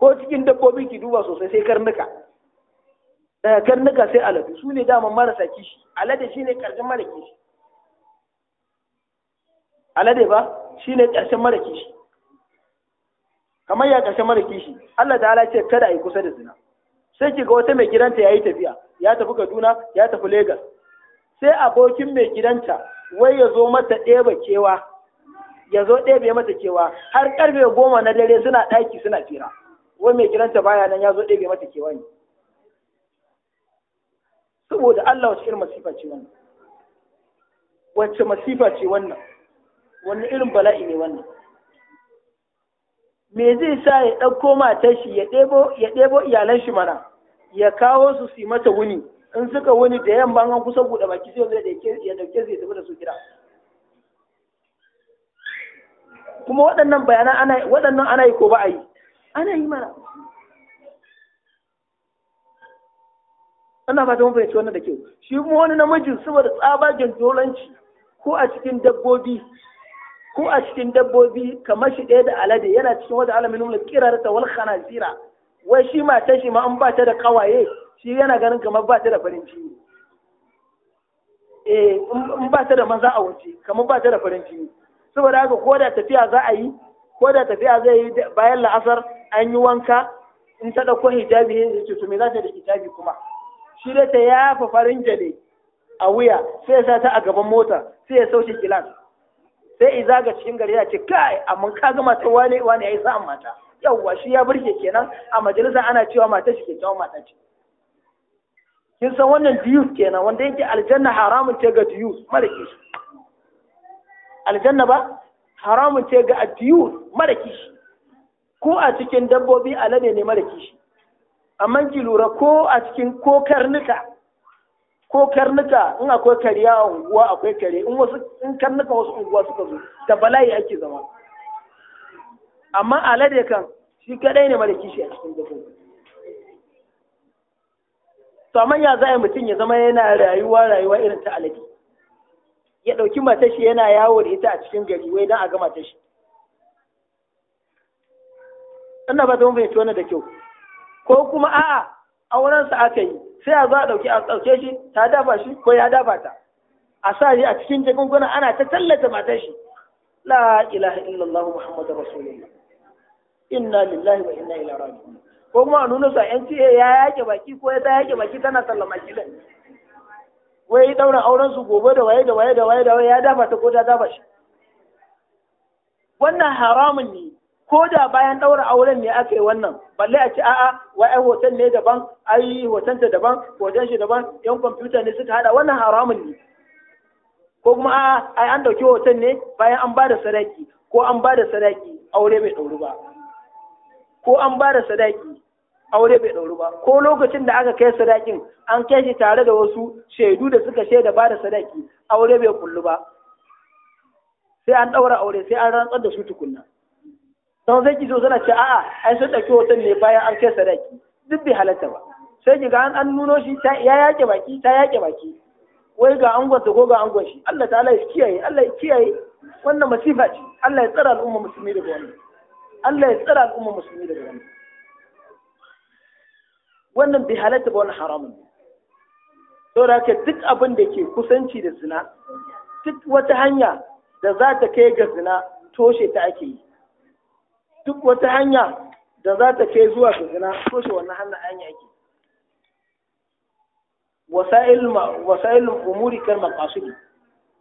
ko cikin dabbobi ki duba sosai sai karnuka daga karnuka sai aladu su ne dama marasa kishi alade shi ne karshen mara kishi alade ba shi ne ƙarshen mara kishi kamar ya ƙarshen mara kishi Allah ta'ala ce kada a yi kusa da zina sai ki ga wata mai gidanta ya yi tafiya ya tafi Kaduna ya tafi Legas sai abokin mai gidanta wai ya zo mata ɗeba kewa ya zo ɗebe mata kewa har ƙarfe goma na dare suna ɗaki suna fira wai mai gidanta baya nan ya zo ɗebe mata kewa ne saboda Allah wasu irin masifa ce wannan wacce masifa ce wannan wani irin bala'i ne wannan me zai sa ya ɗauko matar shi ya ɗebo iyalan shi mana ya kawo su su mata wuni in suka wuni da yamma an kusa buɗe baki sai ya ɗauke su ya tafi da su gida kuma waɗannan bayanan ana waɗannan ana yi ko ba a yi ana yi mana ana fata mun fahimci wannan da kyau shi kuma wani namijin saboda tsabagen dolanci ko a cikin dabbobi ko a cikin dabbobi kamar shi ɗaya da alade yana cikin wata alamin nuna kirar ta wal khanazira wai shi mata shi ma an ba ta da kawaye shi yana ganin kamar ba ta da farin ciki eh in ba ta da maza a waje kamar ba ta da farin ciki saboda haka ko da tafiya za a yi ko da tafiya zai yi bayan la'asar an yi wanka in ta ɗauko hijabi ne ce cutu me za ta da hijabi kuma shi dai ta yafa farin jale a wuya sai ya sa ta a gaban mota sai ya sauke gilas sai i zaga cikin gari ya ce kai amma ka ga wani wane wane yi sa'an mata yawwa shi ya burge kenan a majalisa ana cewa mata shi ke cewa mata ce kin san wannan diyus kenan wanda yake aljanna haramun ce ga diyus mara kishi aljanna ba haramun ce ga diyus mara kishi ko a cikin dabbobi alade ne mara kishi amma ki lura ko a cikin ko karnuka ko karnuka in akwai kariya a unguwa akwai kare in wasu in karnuka wasu unguwa suka zo da bala'i ake zama amma alade kan shi kadai ne mara kishi a cikin dabbobi to amma ya za mutum ya zama yana rayuwa rayuwa irin ta alade ya ɗauki matar shi yana yawo da ita a cikin gari wai don a ga matar shi ina ba ta mun fahimci wannan da kyau ko kuma a'a aurensa aka yi sai a zo a ɗauki a ɗauke shi ta dafa shi ko ya dafa ta a sa shi a cikin jagunguna ana ta tallata matar shi la ilaha illallah Muhammadu rasulullah inna lillahi wa inna ilaihi raji'un ko kuma a nuna su 'yan NTA ya yake baki ko ya ta yake baki tana sallama shi din wai daura auren su gobe da waye da waye da waye da waye ya dafa ta ko ta dafa shi wannan haramun ne ko da bayan ɗaura auren ne aka yi wannan balle a ce a'a wai ai hoton ne daban ai hoton ta daban hoton shi daban yan kwamfuta ne suka hada wannan haramun ne ko kuma a'a ai an ɗauki hoton ne bayan an bada sadaki ko an bada sadaki aure bai ɗauru ba ko an bada sadaki aure bai ɗauru ba ko lokacin da aka kai sadakin an kai shi tare da wasu shaidu da suka shaida bada sadaki aure bai kullu ba sai an ɗaura aure sai an rantsar da su tukunna don zai ki zo zana ce a'a ai sun ɗauki hoton ne bayan an kai sadaki duk bai halatta ba sai ki ga an nuno shi ya yaƙe baki ta yaƙe baki wai ga angon ta ko ga angon shi Allah ta'ala ya kiyaye Allah ya kiyaye wannan masifa ce Allah ya tsara al'umma musulmi daga wannan Allah ya tsara al'umma musulmi daga wannan wannan bai halatta ba wannan haramun saboda haka duk abin da ke kusanci da zina duk wata hanya da za ta kai ga zina toshe ta ake yi duk wata hanya da za ta kai zuwa ga zina shi wannan hannun hanya yake wasa'il umuri kal maqasidi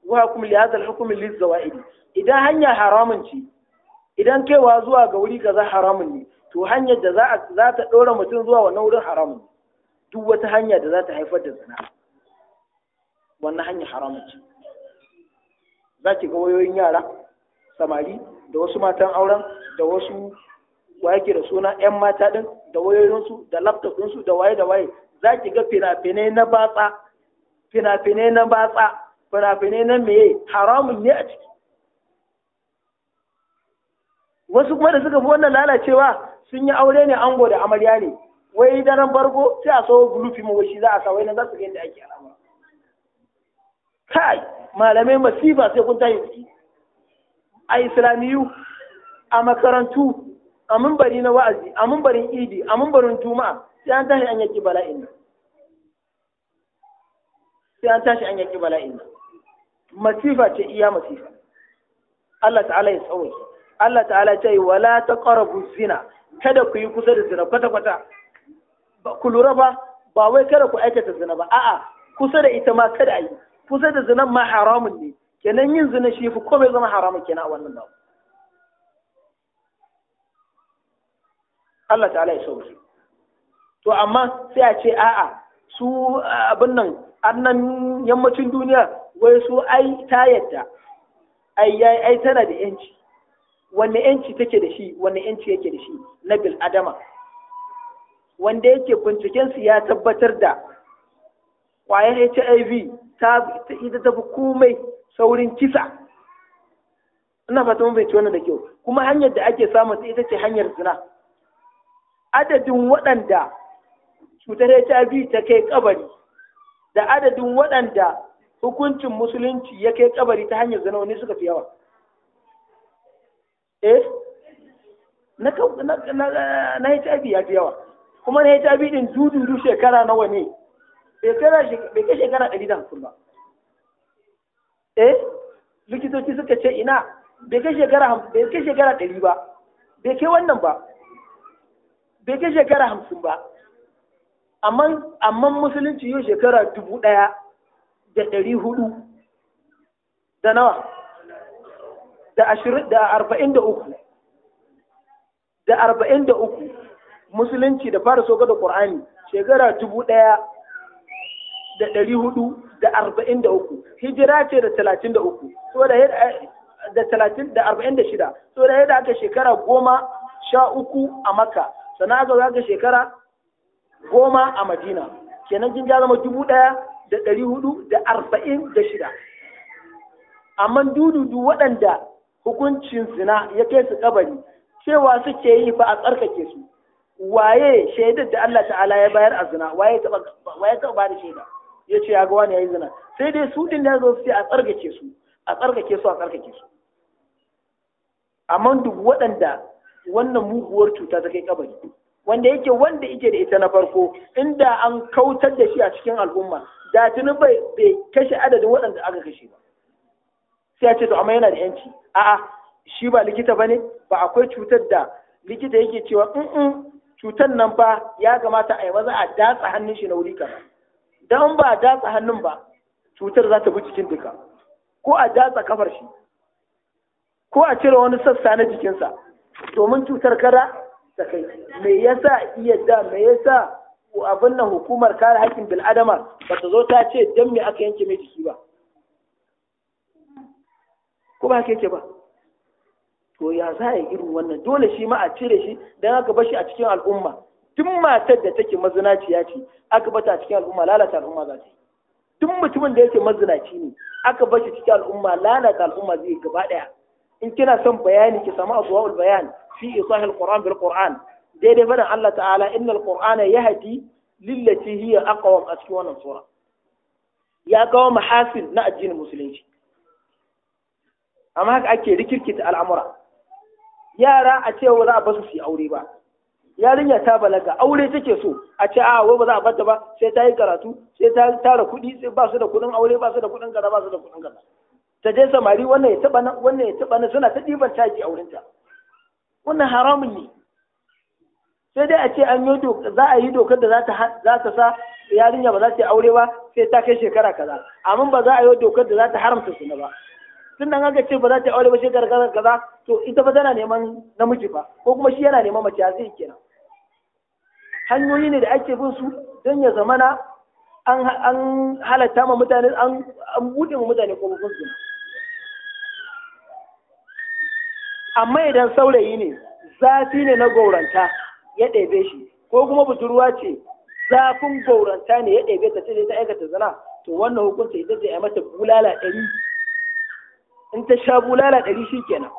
wa hukum li hadha al hukm lil zawaidi idan hanya haramun ce idan kaiwa zuwa ga wuri kaza haramun ne to hanyar da za za ta dora mutum zuwa wannan wurin haramun duk wata hanya da za ta haifar da zina wannan hanya haramun ce za ki ga wayoyin yara samari da wasu matan auren da wasu wake da suna 'yan mata ɗin da wayoyinsu da laptop su da waye da waye za ki ga fina-finai na batsa fina-finai na batsa fina-finai na meye haramun ne a ciki wasu kuma da suka fi wannan lalacewa sun yi aure ne ango da amarya ne wai daren bargo sai a sawo bulufi mu shi za a sa wai nan za su ga yadda ake alama kai malamai masifa sai kun tashi ciki a islamiyu a makarantu a mumbari na wa'azi a mumbarin idi a mumbarin juma'a sai an tashi an yaki bala'in nan sai an tashi an yaki bala'i masifa ce iya masifa Allah ta'ala ya tsawai Allah ta'ala ce wala taqrabu zina kada ku yi kusa da zina kwata kwata ba ku lura ba ba wai kada ku aikata zina ba a'a kusa da ita ma kada a yi kusa da zina ma haramun ne kenan yin zina shi fi komai zama haramun kenan a wannan babu Allah ta'ala ya sauke to amma sai a ce a'a su abin nan annan yammacin duniya wai su ai ta yadda ai ai ai tana da yanci wanne yanci take da shi wanne yanci yake da shi na bil adama wanda yake binciken su ya tabbatar da kwayar HIV ta ita tafi komai saurin kisa ina fata mun fahimci wannan da kyau kuma hanyar da ake samun ita ce hanyar zina adadin waɗanda cutar HIV ta kai kabari da adadin waɗanda hukuncin musulunci ya kai kabari ta hanyar zina wani suka fi yawa eh na na HIV ya fi yawa kuma na HIV din dudu shekara nawa ne bai kai shekara 150 ba eh likitoci suka ce ina bai kai shekara bai kai shekara ɗari ba bai kai wannan ba bai kai shekara hamsin ba amma amma musulunci yau shekara dubu ɗaya da ɗari hudu da nawa da ashirin da arba'in da uku da arba'in da uku musulunci da fara soka da ƙur'ani shekara dubu ɗaya da ɗari hudu da arba'in da uku hijira ce da talatin da uku so da da talatin da arba'in da shida so da yadda aka shekara goma sha uku a maka sannan aka aka shekara goma a madina kenan jin ya zama dubu ɗaya da ɗari hudu da arba'in da shida amma dududu waɗanda hukuncin zina ya kai su kabari cewa suke yi ba a tsarkake su waye shaidar da Allah ta'ala ya bayar a zina waye taɓa ba da shaida ya ce ya ga wani ya yi zina sai dai su din da zo sai a tsarkake su a tsarkake su a tsarkake su amma duk waɗanda wannan muguwar cuta ta kai kabari wanda yake wanda yake da ita na farko inda an kautar da shi a cikin al'umma da tuni bai kashe adadin waɗanda aka kashe ba sai a ce to amma yana da yanci a'a shi ba likita ba ne ba akwai cutar da likita yake cewa in cutar nan ba ya kamata a yi maza a datsa hannun shi na wuri kaza an ba a datsa hannun ba cutar za ta bi cikin duka ko a datsa kafar shi ko a cire wani sassa na jikinsa domin cutar kada ta kai me yasa iya da me yasa abin nan hukumar kare haƙƙin bil'adama ba ta zo ta ce don me aka yanke mai jiki ba ko ba yake ba to ya za a yi irin wannan dole shi ma a cire shi don haka shi a cikin al'umma Tun matar da take ya ce aka bata cikin al'umma lalata al'umma za ta yi duk mutumin da yake mazinaci ne aka bashi cikin al'umma lalata al'umma zai gaba daya in kina son bayani ki samu abuwa bayan fi isahil qur'an bil qur'an daidai fadan Allah ta'ala innal qur'ana yahdi lillati hiya aqwam a cikin wannan sura ya kawo mahasin na addinin musulunci amma haka ake rikirkita al'amura yara a cewa za a basu su yi aure ba yarinya ta balaga aure take so a ce a wai ba za a bata ba sai ta yi karatu sai ta tara kuɗi sai ba su da kuɗin aure ba su da kuɗin gaza ba su da kuɗin gaza. ta je samari wannan ya taba nan wannan ya taba nan suna ta ɗiban taki a ta. wannan haramun ne sai dai a ce an yi za a yi dokar da za ta sa yarinya ba za ta yi aure ba sai ta kai shekara kaza amma ba za a yi dokar da za ta haramta suna ba tun nan aka ce ba za ta yi aure ba shekara kaza to ita ba tana neman namiji ba ko kuma shi yana neman mace a zai kenan hanyoyi ne da ake bin su don ya zamana an halatta ma mutane an buɗe ma mutane kofofin su amma idan saurayi ne zafi ne na gauranta ya ɗebe shi ko kuma budurwa ce zafin gauranta ne ya ɗebe ta ce ta aikata zana to wannan hukunta ita ce a mata bulala ɗari in ta sha bulala ɗari shi kenan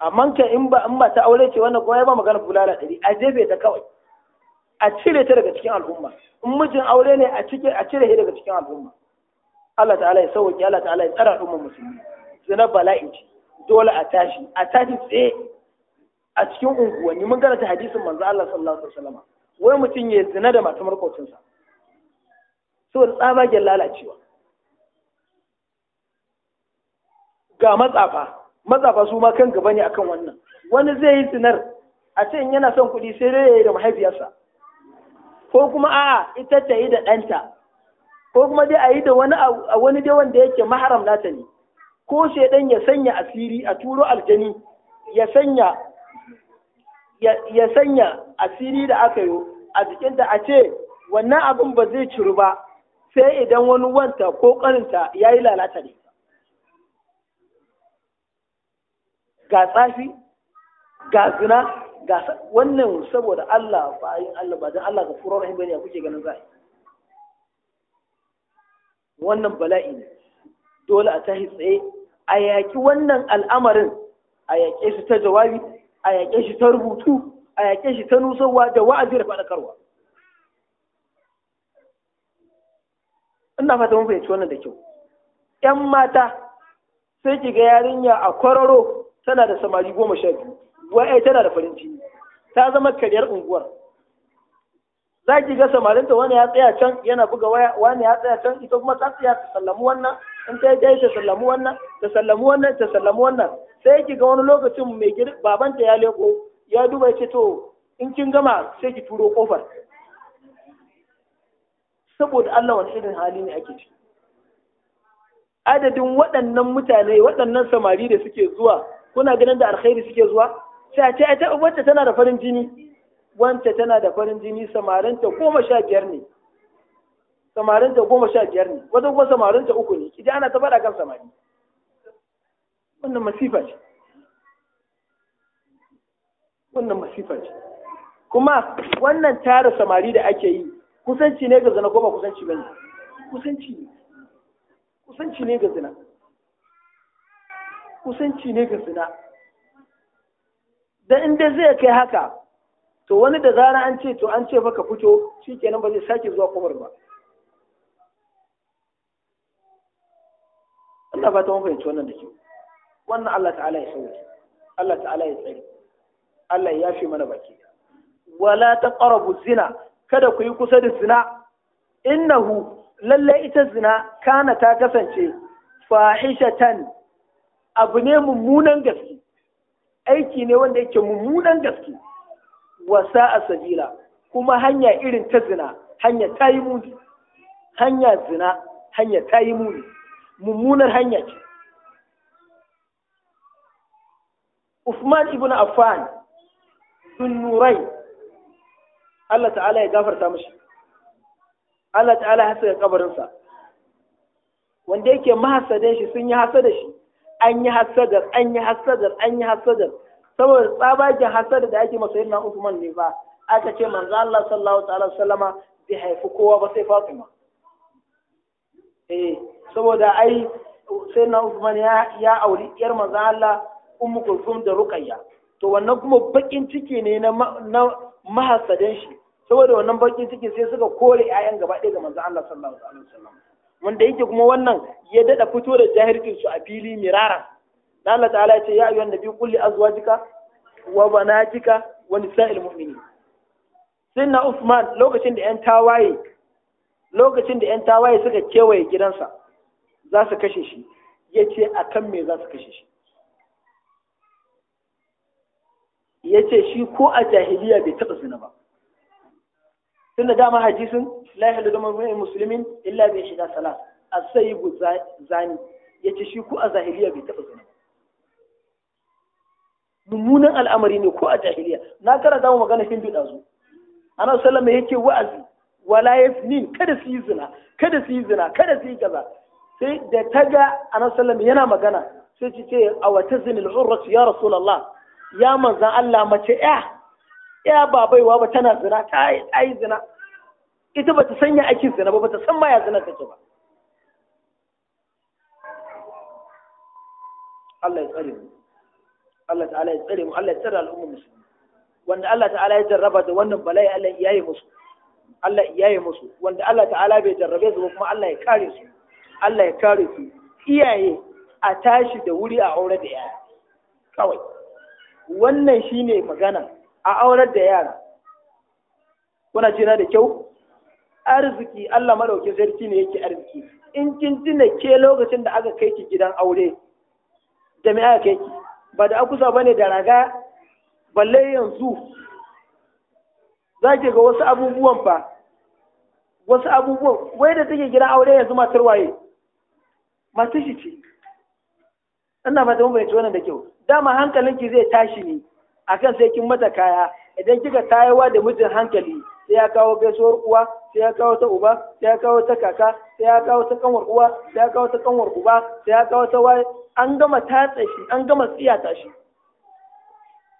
amma ka in ba in ba ta aure ce wannan kuma ya ba magana bulala ɗari a jefe ta kawai a cire ta daga cikin al'umma in mijin aure ne a cike a cire shi daga cikin al'umma Allah ta'ala ya sauke Allah ta'ala ya tsara al'ummar musulmi zina bala'i ce dole a tashi a tashi tsaye a cikin unguwanni mun ta hadisin manzo Allah sallallahu alaihi wasallam wai mutum ya zina da matar makocinsa saboda tsabagen lalacewa ga matsafa mazafa su ma kan gaba ne akan wannan wani zai yi zinar a ce in yana son kuɗi sai dai ya yi da mahaifiyarsa ko kuma a'a ita ta yi da ɗanta ko kuma dai a yi da wani a wani dai wanda yake maharam nata ne ko dan ya sanya asiri a turo aljani ya sanya ya sanya asiri da aka yi a jikinta a ce wannan abin ba zai ciru ba sai idan wani wanta ko karinta ya yi lalata ne ga tsafi ga zina ga wannan saboda Allah ba yin Allah ba dan Allah ga furar rahim bane kuke ganin zai wannan bala'i ne dole a tashi tsaye a yaƙi wannan al'amarin a yaƙe shi ta jawabi a yaƙe shi ta rubutu a yaƙe shi ta nusarwa da wa'azi da faɗakarwa ina fata mun fahimci wannan da kyau ‘yan mata sai ki ga yarinya a kwararo tana da samari goma sha biyu wai tana da farin ciki ta zama karyar unguwar za ki ga samarinta wani ya tsaya can yana buga waya wani ya tsaya can ita kuma ta tsaya ta sallamu wannan in ta yi ta sallamu wannan ta sallamu wannan ta sallamu wannan sai ki ga wani lokacin mai gir babanta ya leko ya duba ce to in kin gama sai ki turo kofar saboda Allah wani irin hali ne ake ciki adadin waɗannan mutane waɗannan samari da suke zuwa kuna ganin da alkhairi suke zuwa sai a ce ta wacce tana da farin jini wance tana da farin jini samarinta goma sha biyar ne samarinta goma sha biyar ne wata kuma samarinta uku ne idan ana ta faɗa kan samari wannan masifa ce wannan masifa ce kuma wannan tara samari da ake yi kusanci ne ga zina ko ba kusanci ba ne kusanci ne kusanci ne ga zina kusanci ne ga zina da inda zai kai haka to wani da zara an ce to an ce baka fito shi kenan ba zai sake zuwa kumar ba Allah ba ta mun fahimci wannan da ke wannan Allah ta'ala ya sauke Allah ta'ala ya tsari, Allah ya fi mana baki wala ta taqrabu zina kada ku yi kusa da zina innahu lallai ita zina kana ta kasance fahishatan abu ne mummunan gaske aiki ne wanda yake mummunan gaske wasa a sabila kuma hanya irin ta zina hanya ta yi muni hanya zina hanya ta yi muni mummunar hanya ce Uthman ibn Affan sun Nurai Allah ta'ala ya gafarta mashi Allah ta'ala ya haska kabarinsa wanda yake mahasadan shi sun yi da shi an yi hasadar an yi hasadar an yi hasadar saboda tsabagen hasadar da ake masa na Usman ne ba aka ce manzo Allah sallallahu alaihi sallama bai haifi kowa ba sai Fatima eh saboda ai na Usman ya ya auri 'yar manzo Allah Ummu kulsum da Ruqayya to wannan kuma bakin ciki ne na mahasadan shi saboda wannan bakin ciki sai suka kore 'ya'yan gaba ɗaya ga manzo Allah sallallahu alaihi wasallam wanda yake kuma wannan ya dada fito da jahircin su a fili mirara da Allah ta'ala ya ce ya ayyuhan nabi qul li azwajika wa banatika wa nisa'il mu'minin sinna Usman lokacin da yan tawaye lokacin da yan tawaye suka kewaye gidansa za su kashe shi yace akan me za su kashe shi yace shi ko a jahiliya bai taba zina ba tunda dama hadisin la yahlu da musulmin illa bi shida sala as-sayyibu zani yace shi ko a zahiliya bai taba zina mummunan al'amari ne ko a jahiliya na kara mu magana hindu dazu ana sallama yake wa'azi wala yasmin kada su yi zina kada su yi zina kada su yi kaza sai da taga ana sallama yana magana sai ce a wata zinil hurrat ya rasulullah ya manzan Allah mace eh ya ba baiwa ba tana zina ta yi zina ita ba ta sanya aikin zina ba ba ta san maya zina take ba Allah ya tsare mu Allah ta'ala ya tsare mu Allah ya tsare al'ummar musulmi wanda Allah ta'ala ya jarraba da wannan bala'i Allah ya yi musu Allah ya yi musu wanda Allah ta'ala bai jarrabe su kuma Allah ya kare su Allah ya kare su iyaye a tashi da wuri a aure da yaya kawai wannan shine magana a aurar da yara kuna jina da kyau arziki Allah madaukin sarki ne yake arziki in kin tuna ke lokacin da aka kai ki gidan aure da me aka kai ki ba da akusa bane da raga balle yanzu za ki ga wasu abubuwan fa wasu abubuwan wai da take gidan aure yanzu matar waye matar shi ce ina fata mun bayyana wannan da kyau dama hankalinki zai tashi ne akan sai kin mata kaya idan kika tayawa da mijin hankali sai ya kawo gaisuwar uwa sai ya kawo ta uba sai ya kawo ta kaka sai ya kawo ta kanwar uwa sai ya kawo ta kanwar uba sai ya kawo ta waye an gama tatsa shi an gama tsiyata shi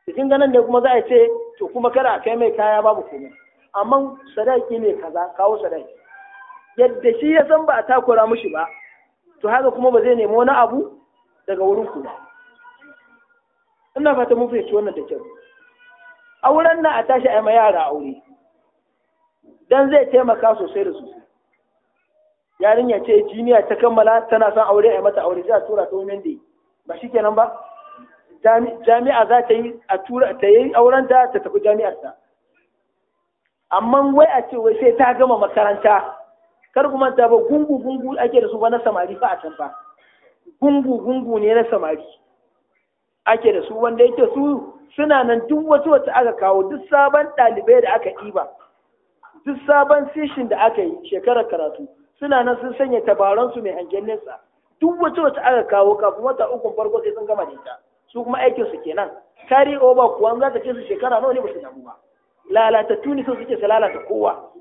cikin ganin da kuma za a ce to kuma kada a kai mai kaya babu komai amma sadaki ne kaza kawo sadaki yadda shi ya san ba a takura mishi ba to haka kuma ba zai nemi wani abu daga wurin ku ina fata mun fahimci wannan da kyau auren nan a tashi a ma yara aure dan zai taimaka sosai da sosai yarinya ce jiniya ta kammala tana son aure a mata aure za tura ta women day ba shi kenan ba jami'a za ta yi a tura ta yi auren ta ta tafi jami'ar ta amma wai a ce wai sai ta gama makaranta kar kuma ta ba gungu gungu ake da su ba na samari fa a can fa gungu gungu ne na samari ake da su wanda yake su suna nan duk wata wata aka kawo duk sabon ɗalibai da aka ɗiba duk sabon session da aka yi shekarar karatu suna nan sun sanya tabaransu mai hangen nesa duk wata wata aka kawo kafin wata ukun farko sai sun gama da ita su kuma aikin su kenan kari oba kuwa za ta ce su shekara nawa ne ba su damu ba lalatattu ne su suke su lalata kowa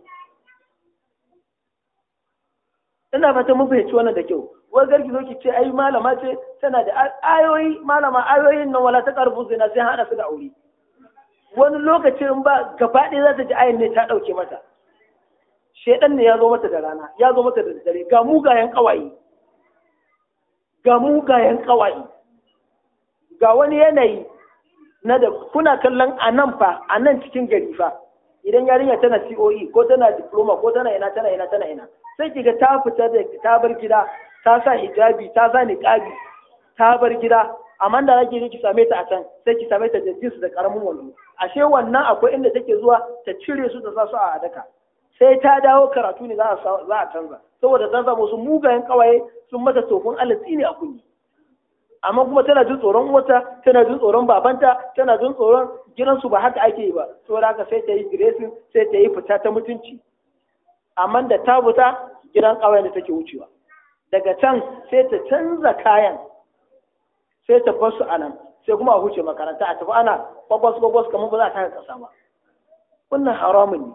ina fata mun fahimci wannan da kyau wai garki zo ki ce ai malama ce tana da ayoyi malama ayoyin nan wala ta karbu zina sai hana su da aure wani lokacin ba gaba ɗaya za ta ji ayin ne ta ɗauke mata shedan ne ya zo mata da rana ya zo mata da dare ga mugayen kawaye ga mugayen kawaye ga wani yanayi na da kuna kallon a nan fa a nan cikin gari fa idan yarinya tana COE ko tana diploma ko tana ina tana ina tana ina sai kiga ta fita da ta bar gida ta sa hijabi ta sa niqabi ta bar gida amma da nake ki same ta a can sai ki same ta da jinsu da karamin wando ashe wannan akwai inda take zuwa ta cire su ta sa su a adaka sai ta dawo karatu ne za a canza saboda zan samu su mugayen kawaye sun mata tofin alatsi ne a kunni amma kuma tana jin tsoron wata, tana jin tsoron babanta tana jin tsoron gidansu ba haka ake yi ba saboda haka sai ta yi dressing sai ta yi fita ta mutunci amma da ta fita gidan kawayen da take wucewa daga can sai ta canza kayan sai ta basu a nan sai kuma a huce makaranta a tafi ana babas babas kamar ba za a taka kasa ba wannan haramun ne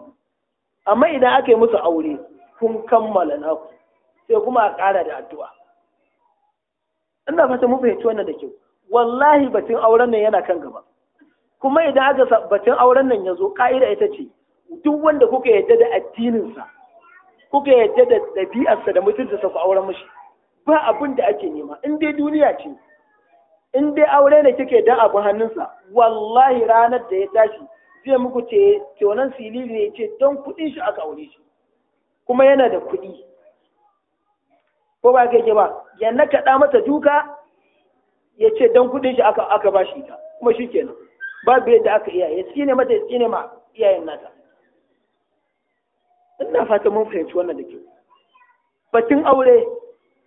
amma idan aka yi musu aure kun kammala naku sai kuma a ƙara da addu'a ina fata mu fahimci wannan da kyau wallahi batun auren nan yana kan gaba kuma idan aka batun auren nan ya zo ka'ida ita ce duk wanda kuka yarda da addininsa kuka yadda da ɗabi'arsa da sa ku auren mashi ba abin da ake nema in dai duniya ce in dai aure ne kike da abu hannunsa wallahi ranar da ya tashi zai muku ce tonan silili ne ce don kuɗin shi aka aure shi kuma yana da kuɗi ko ba ka ba ya nakaɗa mata duka ya ce don kuɗin shi aka ba shi ta kuma shi kenan babu yadda aka iya ya tsine mata ya tsine ma iyayen nata ina fata mun fahimci wannan da kyau batun aure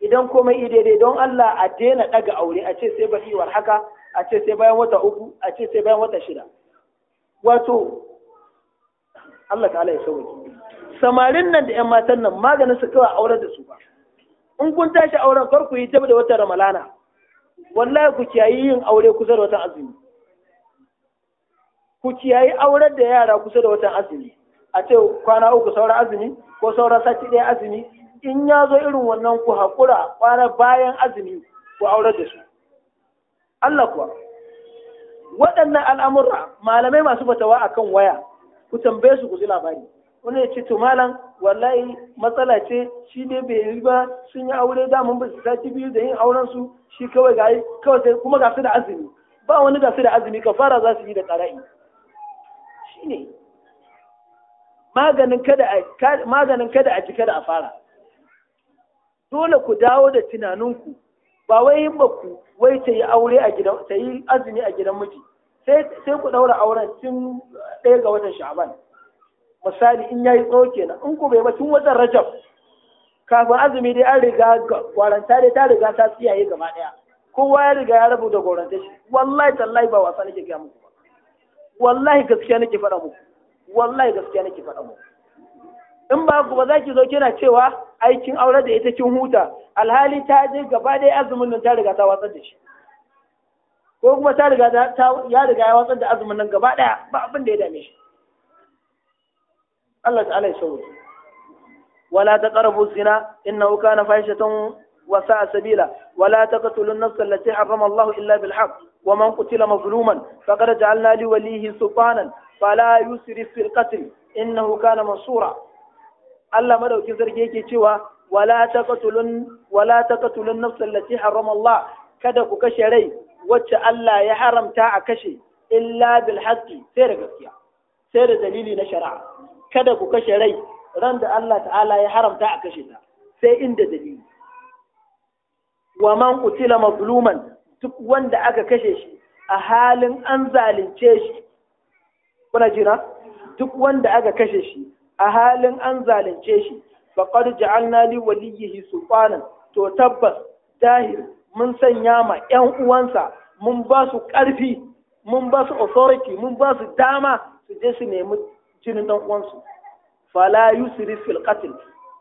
idan komai ide daidai don Allah a daina daga aure a ce sai bakiwar haka a ce sai bayan wata uku a ce sai bayan wata shida wato Allah ta'ala ya sauke samarin nan da yan matan nan maganin su kawai aure da su ba in kun tashi auren kar ku yi ta da watan ramalana wallahi ku kiyayi yin aure kusa da watan azumi ku kiyayi auren da yara kusa da watan azumi a ce kwana uku saura azumi ko saura sati ɗaya azumi in ya zo irin wannan ku haƙura kwana bayan azumi ku aure da su Allah kuwa waɗannan al'amurra malamai masu fatawa a kan waya ku tambaye su ku ji labari wani ya ce to malam wallahi matsala ce shi ne bai yi ba sun yi aure da mun basu sati biyu da yin auren su shi kawai ga kawai sai kuma ga da azumi ba wani ga da azumi kafara za su yi da ƙara'i ne, maganin kada a ji kada a fara dole ku dawo da tunaninku ba wai yin ba ku wai ta yi aure a gidan ta yi azumi a gidan miji sai ku daura auren tun ɗaya ga watan sha'aban misali in yayi tsawo kenan in ku bai ba tun watan rajab kafin azumi dai an riga gwaranta dai ta riga ta tsiyaye gaba ɗaya kowa ya riga ya rabu da gwaranta shi wallahi tallahi ba wasa nake gaya muku ba wallahi gaskiya nake faɗa muku wallahi gaskiya nake faɗa mu in ba ku ba za zo kina cewa aikin aure da ita kin huta alhali ta je gaba ɗaya azumin nan ta riga ta watsar da shi ko kuma ta riga ta ya riga ya watsar da azumin nan gaba ɗaya ba abin da ya dame shi Allah ta'ala ya sauke wala taqrabu zina innahu kana fahishatan wa sa'a sabila wala taqtulu an-nafs allati harrama Allah illa bil haqq wa man qutila mazluman faqad ja'alna li walihi sultanan fala yusrif fil qatl innahu kana mansura Allah madaukin sarki yake cewa wala taqtulun wala taqtulun nafsal lati harrama Allah kada ku kashe rai wacce Allah ya haramta a kashe illa bil sai da gaskiya sai da dalili na shari'a kada ku kashe rai ran da Allah ya haramta a kashe ta sai inda dalili wa man qutila mazluman duk wanda aka kashe shi a halin an zalunce shi kuna jira duk wanda aka kashe shi a halin an zalunce shi faqad ja'alna li waliyhi sultanan to tabbas dahir mun sanya ma ƴan uwansa mun ba su ƙarfi mun ba su authority mun ba su dama su je su nemi jinin dan uwansu fala yusri fil qatl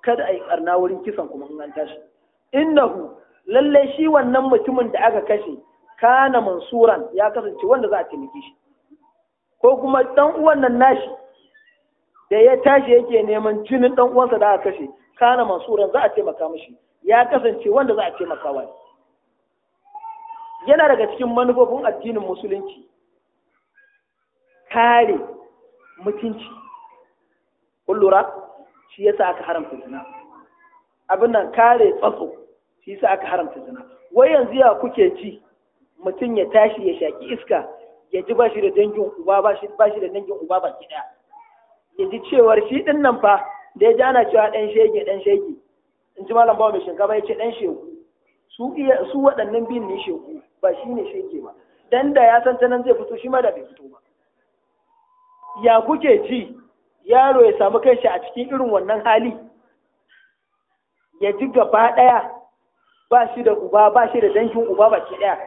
kada ai karna wurin kisan kuma an tashi innahu lalle shi wannan mutumin da aka kashe kana mansuran ya kasance wanda za a taimake shi ko kuma ɗan uwan nan nashi da ya tashi yake neman jinin dan uwansa da aka kashe kana masuran za a taimaka mishi ya kasance wanda za a taimaka wa yana daga cikin manufofin addinin musulunci kare mutunci kun lura shi yasa aka haramta zina abin nan kare tsatso shi yasa aka haramta zina wai yanzu ya kuke ci mutum ya tashi ya shaki iska ya ji ba shi da dangin uba ba shi ba shi da dangin uba ki daya ya ji cewar shi din nan fa da ya ji ana cewa dan shege dan shege in ji malam bawa mai shinkafa ya ce dan shegu su iya su waɗannan bin ne shegu ba shi ne shege ba dan da ya san ta nan zai fito shi ma da bai fito ba ya kuke ji yaro ya samu kanshi a cikin irin wannan hali ya ji gaba daya. ba shi da uba ba shi da dangin uba ki daya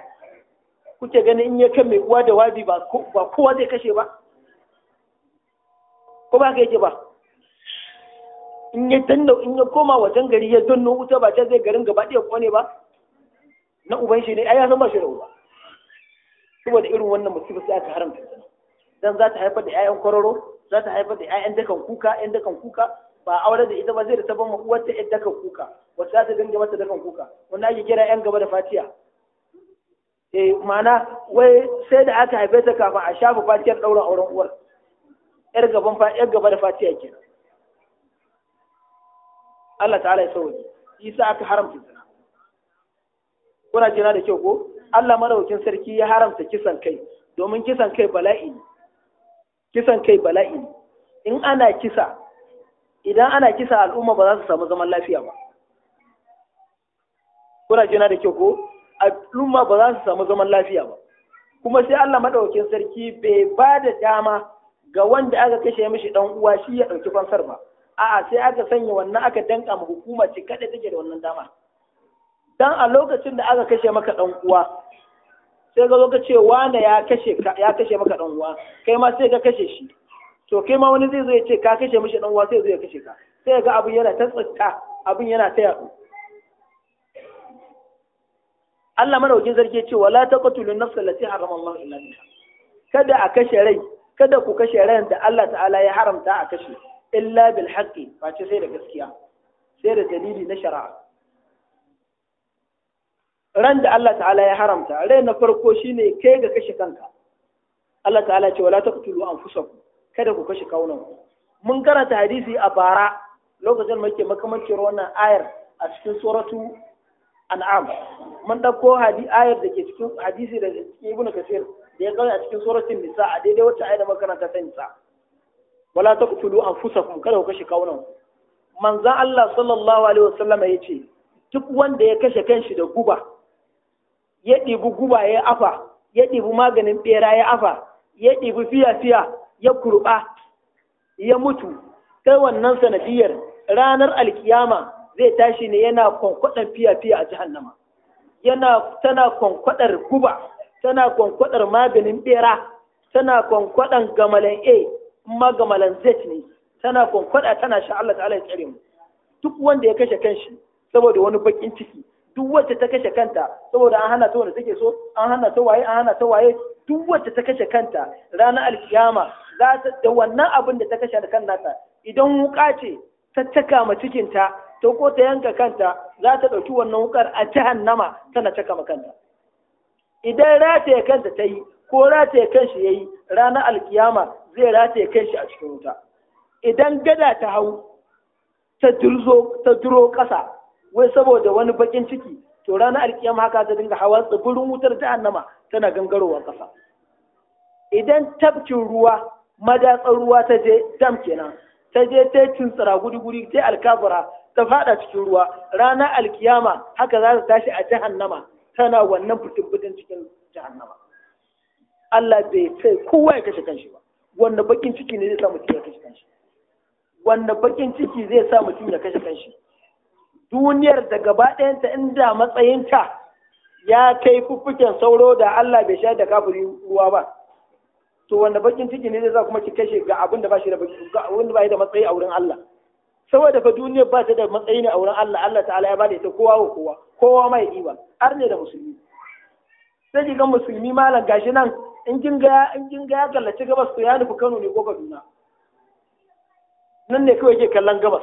kuke gani in ya kan mai uwa da wabi ba kowa zai kashe ba ko ba ka yake ba in ya danna in ya koma wajen gari ya danna wuta ba ta zai garin gaba ɗaya kone ba na uban shi ne ai ya san ba shi da uba saboda irin wannan musibi sai aka haramta dan za ta haifar da ƴaƴan kwararo za ta haifar da ƴaƴan dakan kuka 'yan dakan kuka ba aure da ita ba zai da taban ban ta 'yan dakan kuka wata za ta dinga mata dakan kuka wannan ake kira ƴan gaba da fatiya eh mana wai sai da aka haife ta kafin a shafa fatiyar daura auren uwar yar gaban yar gaba da fatiya ke. Allah ta'ala ya sauke isa aka haramta zina kuna jina da kyau ko Allah madaukin sarki ya haramta kisan kai domin kisan kai bala'i ne kisan kai bala'i ne in ana kisa idan ana kisa al'umma ba za su samu zaman lafiya ba kuna jina da kyau ko al'umma ba za su samu zaman lafiya ba kuma sai Allah madaukakin sarki bai ba da dama ga wanda aka kashe mishi dan uwa shi ya dauki fansar ba a'a sai aka sanya wannan aka danka ma hukuma ce kada take da wannan dama dan a lokacin da aka kashe maka dan uwa sai ka zo ka ce wanda ya kashe ya kashe maka dan uwa kai ma sai ka kashe shi to kai ma wani zai zo ya ce ka kashe mishi dan uwa sai zai ya kashe ka sai ga abin yana ta tsaka abin yana ta yaɗu Allah madaukin zarge ce wala taqtulu nafsa allati harama Allah illa biha kada a kashe rai kada ku kashe rai da Allah ta'ala ya haramta a kashe illa bil haqqi face sai da gaskiya sai da dalili na shari'a ran da Allah ta'ala ya haramta rai na farko shine kai ga kashe kanka Allah ta'ala ce wala taqtulu anfusakum kada ku kashe ku. mun karanta hadisi a bara lokacin muke makamancin wannan ayar a cikin suratu an'am mun dauko hadi ayar da ke cikin hadisi da cikin ibnu kasir da ya kawo a cikin suratul nisa a daidai wacce ayar da makaranta ta nisa wala taqtulu anfusakum kada ku kashe kaunan manzon Allah sallallahu alaihi wasallam ya ce duk wanda ya kashe kanshi da guba ya ɗibi guba ya afa ya ɗibi maganin ɓera ya afa ya ɗibi fiya fiya ya kurɓa ya mutu kai wannan sanadiyar ranar alkiyama zai tashi ne yana kwankwadar fiya-fiya a jahannama yana tana kwankwadar guba tana kwankwadar maganin bera tana kwankwadar gamalan a ma gamalan z ne tana kwankwada tana sha Allah ta'ala ya tsare mu duk wanda ya kashe kanshi saboda wani bakin ciki duk wacce ta kashe kanta saboda an hana ta wanda take so an hana ta waye an hana ta waye duk wacce ta kashe kanta ranar alkiyama za ta da wannan abin da ta kashe da kan nata idan wuka ce ta ma cikinta to ko ta yanka kanta za ta ɗauki wannan wukar a jahannama tana caka ma kanta idan rataye kanta ta yi ko rataye kanshi ya yi ranar alkiyama zai rataye kanshi a cikin wuta idan gada ta hau ta durzo ta duro ƙasa wai saboda wani bakin ciki to ranar alkiyama haka ta dinga hawa tsibirin wutar jahannama tana gangarowa ƙasa idan tafkin ruwa madatsar ruwa ta je dam kenan ta je ta cin tsira guri guri ta alkafara ta fada cikin ruwa ranar alkiyama haka za ta tashi a jahannama tana wannan fitin cikin jahannama Allah bai ce kowa ya kashe kanshi ba wanda bakin ciki ne zai sa mutum ya kashe kanshi wanda bakin ciki zai sa mutum ya kashe kanshi duniyar da gaba ɗayanta inda matsayinta ya kai fuffuken sauro da Allah bai shayar da kafiri ruwa ba to wanda bakin ciki ne zai za kuma ki kashe ga abin da ba shi da baki, wanda ba shi da matsayi a wurin Allah saboda fa duniya ba ta da matsayi ne a wurin Allah Allah ta'ala ya bada ita kowa wa kowa kowa ma ya diba har ne da musulmi sai ki ga musulmi malam gashi nan in kin ga in kin ga ya gabas to ya nufi Kano ne ko Kaduna nan ne kawai ke kallon gabas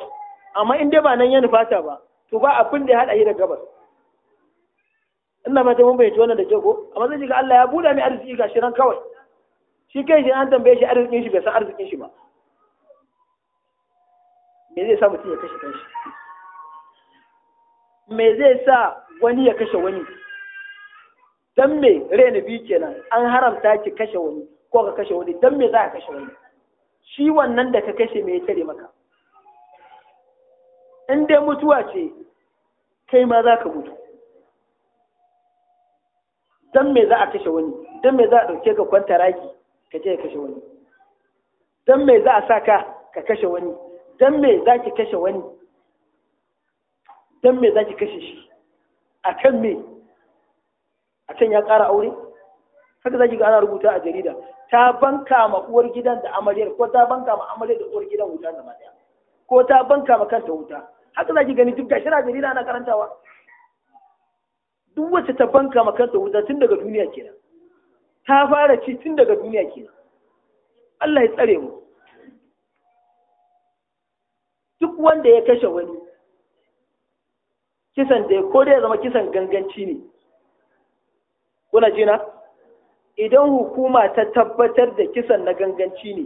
amma in dai ba nan ya ta ba to ba abin da ya hada shi da gabas ina ma ta mun bayyana wannan da kyau ko amma sai ki ga Allah ya buɗa mai arziki gashi nan kawai shi kai shi an tambaye shi arzikin shi bai san arzikin shi ba me zai sa mutum ya kashe kanshi me zai sa wani ya kashe wani dan me rena biyu kenan an haramta ki kashe wani ko ka kashe wani dan me za ka kashe wani shi wannan da ka kashe me ya tare maka in dai mutuwa ce kai ma za ka mutu dan me za a kashe wani dan me za a ɗauke ka kwanta raki ka je ka kashe wani dan me za a sa ka ka kashe wani dan me za ki kashe wani dan me za ki kashe shi A kan me a kan ya ƙara aure haka za ki ga ana rubuta a jarida ta banka ma uwar gidan da amaryar ko ta banka ma amaryar da uwar gidan wuta da mata ko ta banka ma kanta wuta haka za ki gani duk gashi na jarida ana karantawa duk wacce ta banka ma kanta wuta tun daga duniya kenan ta fara ci tun daga duniya ke Allah ya tsare mu duk wanda ya kashe wani kisan da ko dai ya zama kisan ganganci ne kuna jina idan hukuma ta tabbatar da kisan na ganganci ne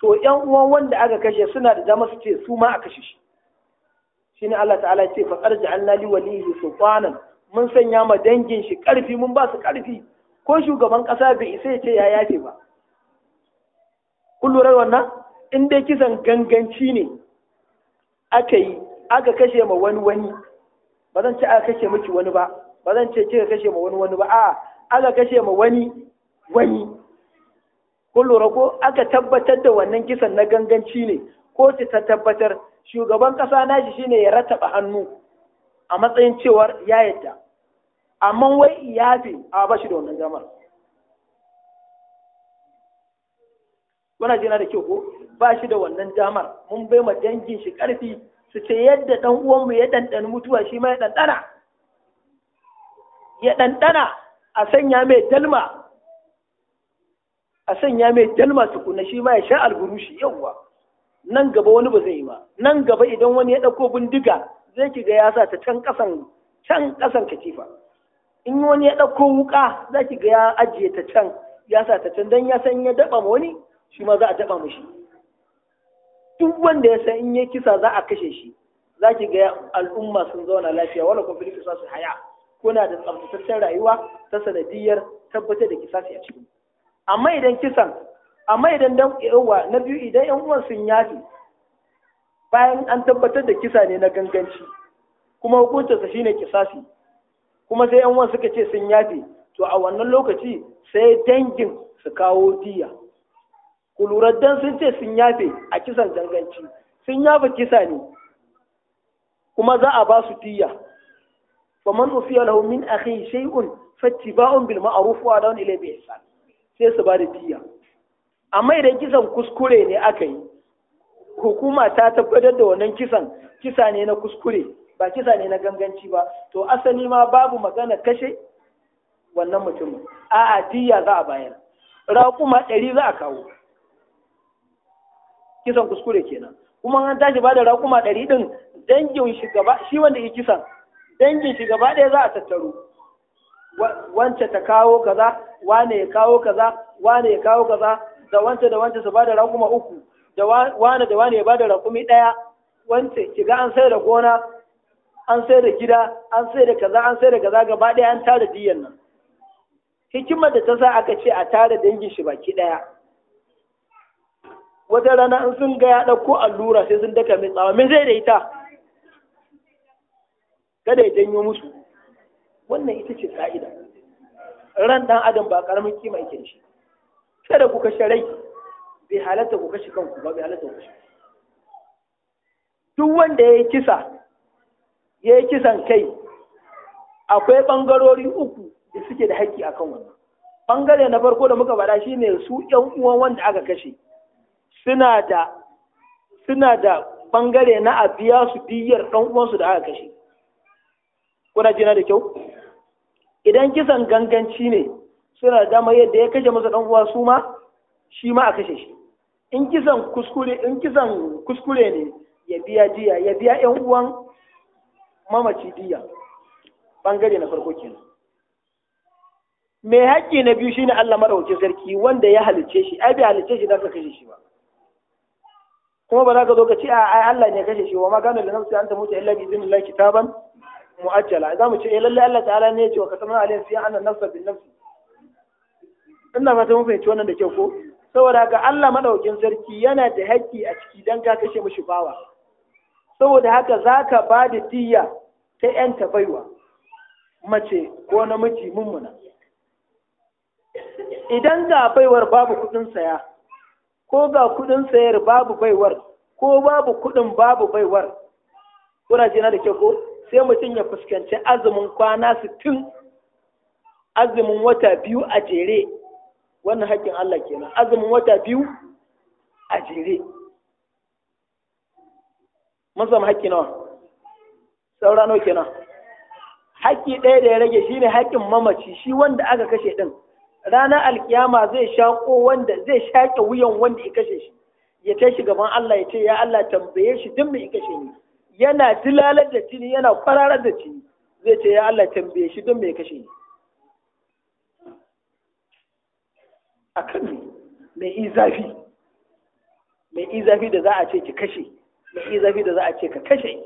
to yan uwan wanda aka kashe suna da dama su ce su ma a kashe shi shine Allah ta'ala ya ce faqad ja'alna li walihi sultanan mun sanya ma dangin shi karfi mun ba su karfi ko shugaban kasa bai isa ya ce ya yafe ba kun lura wannan in dai kisan ganganci ne aka yi aka kashe ma wani wani ba zan ce aka kashe miki wani ba ba zan ce kika kashe ma wani wani ba a aka kashe ma wani wani kun lura ko aka tabbatar da wannan kisan na ganganci ne ko ta tabbatar shugaban kasa nashi shine ya rataɓa hannu a matsayin cewar ya yadda amma wai iyafi a ba shi da wannan damar kuna jina da kyau ko ba shi da wannan damar mun bai ma dangin shi karfi su ce yadda dan uwanmu ya ɗanɗana mutuwa shi ma ya ɗanɗana ya dandana a sanya mai dalma a sanya mai dalma tukuna shi ma ya sha alburushi yawwa nan gaba wani ba zai yi ba nan gaba idan wani ya ɗauko bindiga zai ki ga ya sa ta can ƙasan can kasan katifa in wani ya ɗauko wuƙa za ki ga ya ajiye ta can ya sa ta can don ya san ya daɓa ma wani shi ma za a daɓa mishi duk wanda ya san in ya kisa za a kashe shi za ki ga al'umma sun zauna lafiya wala kuma fili kisa su haya kuna da tsaftataccen rayuwa ta sanadiyar tabbatar da kisa a cikin amma idan kisan amma idan dan yawa na biyu idan yan uwan sun yafi bayan an tabbatar da kisa ne na ganganci kuma hukuncinsa shine kisasi kuma sai yan wasu suka ce sun yafe to a wannan lokaci sai dangin su kawo diya ku lura dan sun ce sun yafe a kisan danganci sun yafe kisa ne kuma za a ba su diya man ufiya lahu min akhi shay'un fattiba'un bil ma'ruf wa da'un ila bi ihsan sai su ba da diya amma idan kisan kuskure ne aka yi hukuma ta tabbatar da wannan kisan kisa ne na kuskure ba kisa ne na ganganci ba to asali ma babu magana kashe wannan mutumin a diya za a bayar raƙuma ɗari za a kawo kisan kuskure kenan kuma an tashi ba da raƙuma ɗari ɗin dangin shi gaba shi wanda ya kisan dangin shi gaba ɗaya za a tattaro wance ta kawo kaza wane ya kawo kaza wane ya kawo kaza da wance da wance su ba da raƙuma uku da wane da wane ya ba da raƙumi ɗaya wance kiga an sai da gona an sai da gida an sai da kaza an sai da kaza gaba ɗaya an tara diyan nan hikimar da ta sa aka ce a tara dangin shi baki ɗaya wata rana in sun ga ya ɗauko allura sai sun daka mai tsawa me zai da ita kada ya janyo musu wannan ita ce sa'ida ran ɗan adam ba ƙaramin kima yake da shi kada ku kashe rai bai halatta ku kashe kanku ba bai halatta ku kashe duk wanda ya yi kisa ya yi kisan kai akwai ɓangarori uku da suke da haƙƙi a kan wannan ɓangare na farko da muka faɗa shine su ƴan uwan wanda aka kashe suna da suna da ɓangare na a biya su diyar ɗan uwansu da aka kashe kuna jina da kyau idan kisan ganganci ne suna da dama yadda ya kashe masa ɗan uwa su ma shi ma a kashe shi in kisan kuskure in kisan kuskure ne ya biya jiya ya biya ƴan uwan mamaci diya bangare na farko kenan mai haƙƙi na biyu shine Allah madaukakin sarki wanda ya halicce shi ai bai halicce shi da ka kashe shi ba kuma ba za ka zo ka ce ai Allah ne kashe shi wa ma gano da nafsi an ta mutu illa bi idinillahi kitaban mu'ajjala za mu ce eh lalle Allah ta'ala ne ya ce wa kasama alayhi fi anna nafsa bin nafsi ina ta mun fahimci wannan da kyau ko saboda ga Allah madaukin sarki yana da haƙƙi a ciki dan ka kashe mishi bawa saboda haka za ka ba da diya ta 'yanta tabaiwa mace ko namiji mummuna idan ga baiwar babu kuɗin saya ko ga kuɗin sayar babu baiwar ko babu kuɗin babu baiwar kuna jina da kyau ko sai mutum ya fuskanci azumin kwana sittin azumin wata biyu a jere wannan haƙƙin Allah kenan azumin wata biyu a jere mun samu haƙƙi nawa saura nawa kenan haƙƙi ɗaya da ya rage shine haƙƙin mamaci shi wanda aka kashe ɗin ranar alkiyama zai shaƙo wanda zai shaƙe wuyan wanda ya kashe shi ya kai shi gaban Allah ya ce ya Allah tambaye shi duk mai kashe ni yana dilalar da jini yana kwararar da jini zai ce ya Allah tambaye shi duk mai kashe ni akan me mai izafi mai izafi da za a ce ki kashe shi zafi da za a ce ka kashe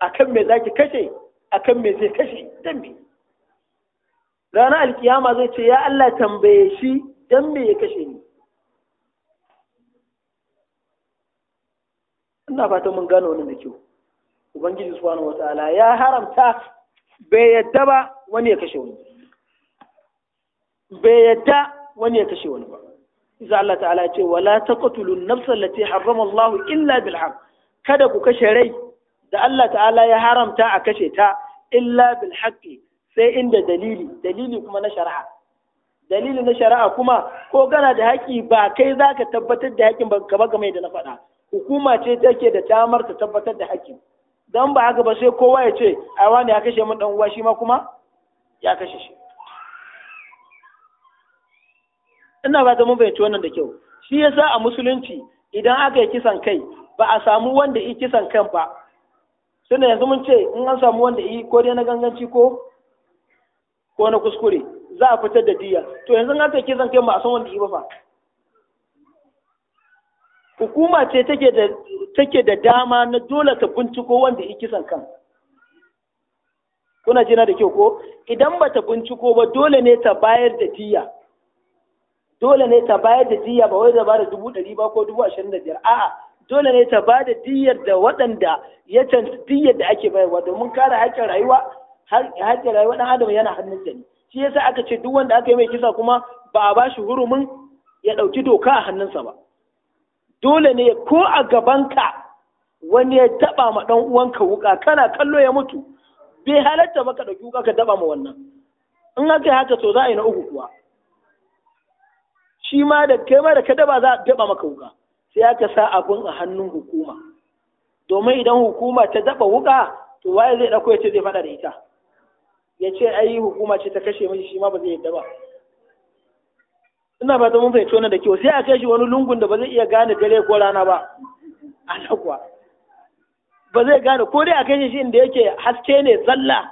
A kan me zaki kashe a kan me zai kashe dan me Rana alkiyama zai ce ya Allah tambaye shi dan me ya kashe ni ina fata mun gano wannan da kyau ubangiji subhanahu wataala ya haramta bai yadda ba wani ya kashe wani bai yadda wani ya kashe wani ba إذا الله تعالى يقول ولا تقتلوا النفس التي حرم الله إلا بالحق kada ku kashe rai da Allah ta'ala ya haramta a kashe ta illa bil haqqi sai inda dalili dalili kuma na shari'a dalili na shari'a kuma ko gana da haƙi ba kai zaka tabbatar da haƙin ba gaba game da na faɗa hukuma ce take da damar ta tabbatar da haƙin, dan ba haka ba sai kowa ya ce ai wani ya kashe mun dan uwa shi ma kuma ya kashe shi ina ba ta mun fahimci wannan da kyau shi yasa a musulunci idan aka yi kisan kai ba a samu wanda yi kisan kan ba suna yanzu mun ce in an samu wanda yi ko dai na ganganci ko ko na kuskure za a fitar da diya to yanzu an ka kisan kan ba a san wanda yi ba fa hukuma ce take da take da dama na dole ta binciko wanda yi kisan kan kuna jina da kyau ko idan ba ta binciko ba dole ne ta bayar da diya dole ne ta bayar da diya ba wai da bada dubu ɗari ba ko dubu ashirin da biyar a'a dole ne ta ba da diyar da waɗanda ya diyar da ake bayarwa domin kare haƙƙin rayuwa haƙƙin rayuwa ɗan adam yana hannun sa ne shi yasa aka ce duk wanda aka yi mai kisa kuma ba a ba shi hurumin ya ɗauki doka a hannunsa ba dole ne ko a gaban ka wani ya taɓa ma ɗan uwanka wuƙa kana kallo ya mutu bai halatta ba ka ɗauki wuƙa ka taɓa ma wannan in aka yi haka to za a yi na uku kuwa shi ma da kai ma da ka daba za a taɓa maka wuƙa. sai aka sa abun a hannun hukuma domin idan hukuma ta daba wuka to waye zai dauko ya ce zai fada da ita ya ce ai hukuma ce ta kashe mishi shi ma ba zai yadda ba ina ba ta mun fahimci wannan da kyau sai a kai shi wani lungun da ba zai iya gane dare ko rana ba a kuwa ba zai gane ko dai a kai shi inda yake haske ne zalla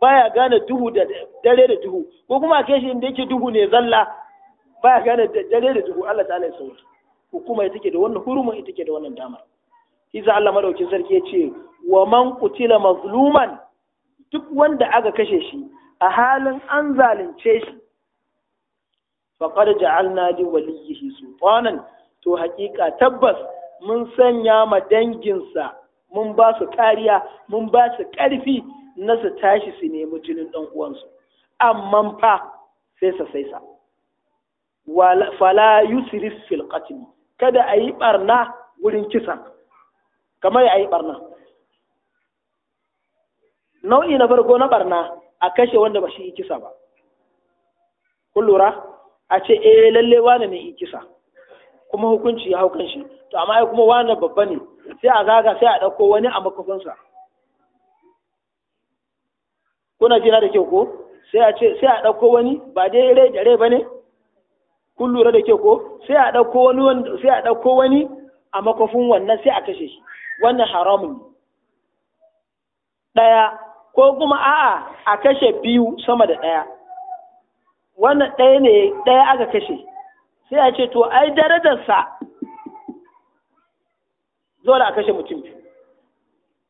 baya gane duhu da dare da duhu ko kuma a kai shi inda yake duhu ne zalla baya gane dare da duhu Allah ta'ala ya sauke hukuma ita ke da wannan hurumin ita ke da wannan damar shi za Allah madaukin sarki ya ce wa man kutila mazluman duk wanda aka kashe shi a halin an zalunce shi faqad ja'alna li waliyhi sultanan to haƙiƙa tabbas mun sanya ma danginsa mun ba su kariya mun ba su ƙarfi na su tashi su nemi jinin ɗan uwansu amma fa sai sa sai sa fala yusrif fil qatl kada a yi barna wurin kisa, kamar a yi barna nau'i na farko na barna a kashe wanda ba shi yi kisa ba kun lura a ce eh lalle wane ne yi kisa kuma hukunci ya hau kanshi. shi to amma ai kuma wane babba ne sai a zaga sai a ɗauko wani a makafinsa kuna jina da kyau ko sai a ce sai a ɗauko wani ba dai rai da rai ba ne kun lura da ke ko sai a ɗauko wani sai a ɗauko wani a makofin wannan sai a kashe shi wannan haramun ne ɗaya ko kuma a'a a kashe biyu sama da ɗaya wannan ɗaya ne ɗaya aka kashe sai a ce to ai darajarsa dole a kashe mutum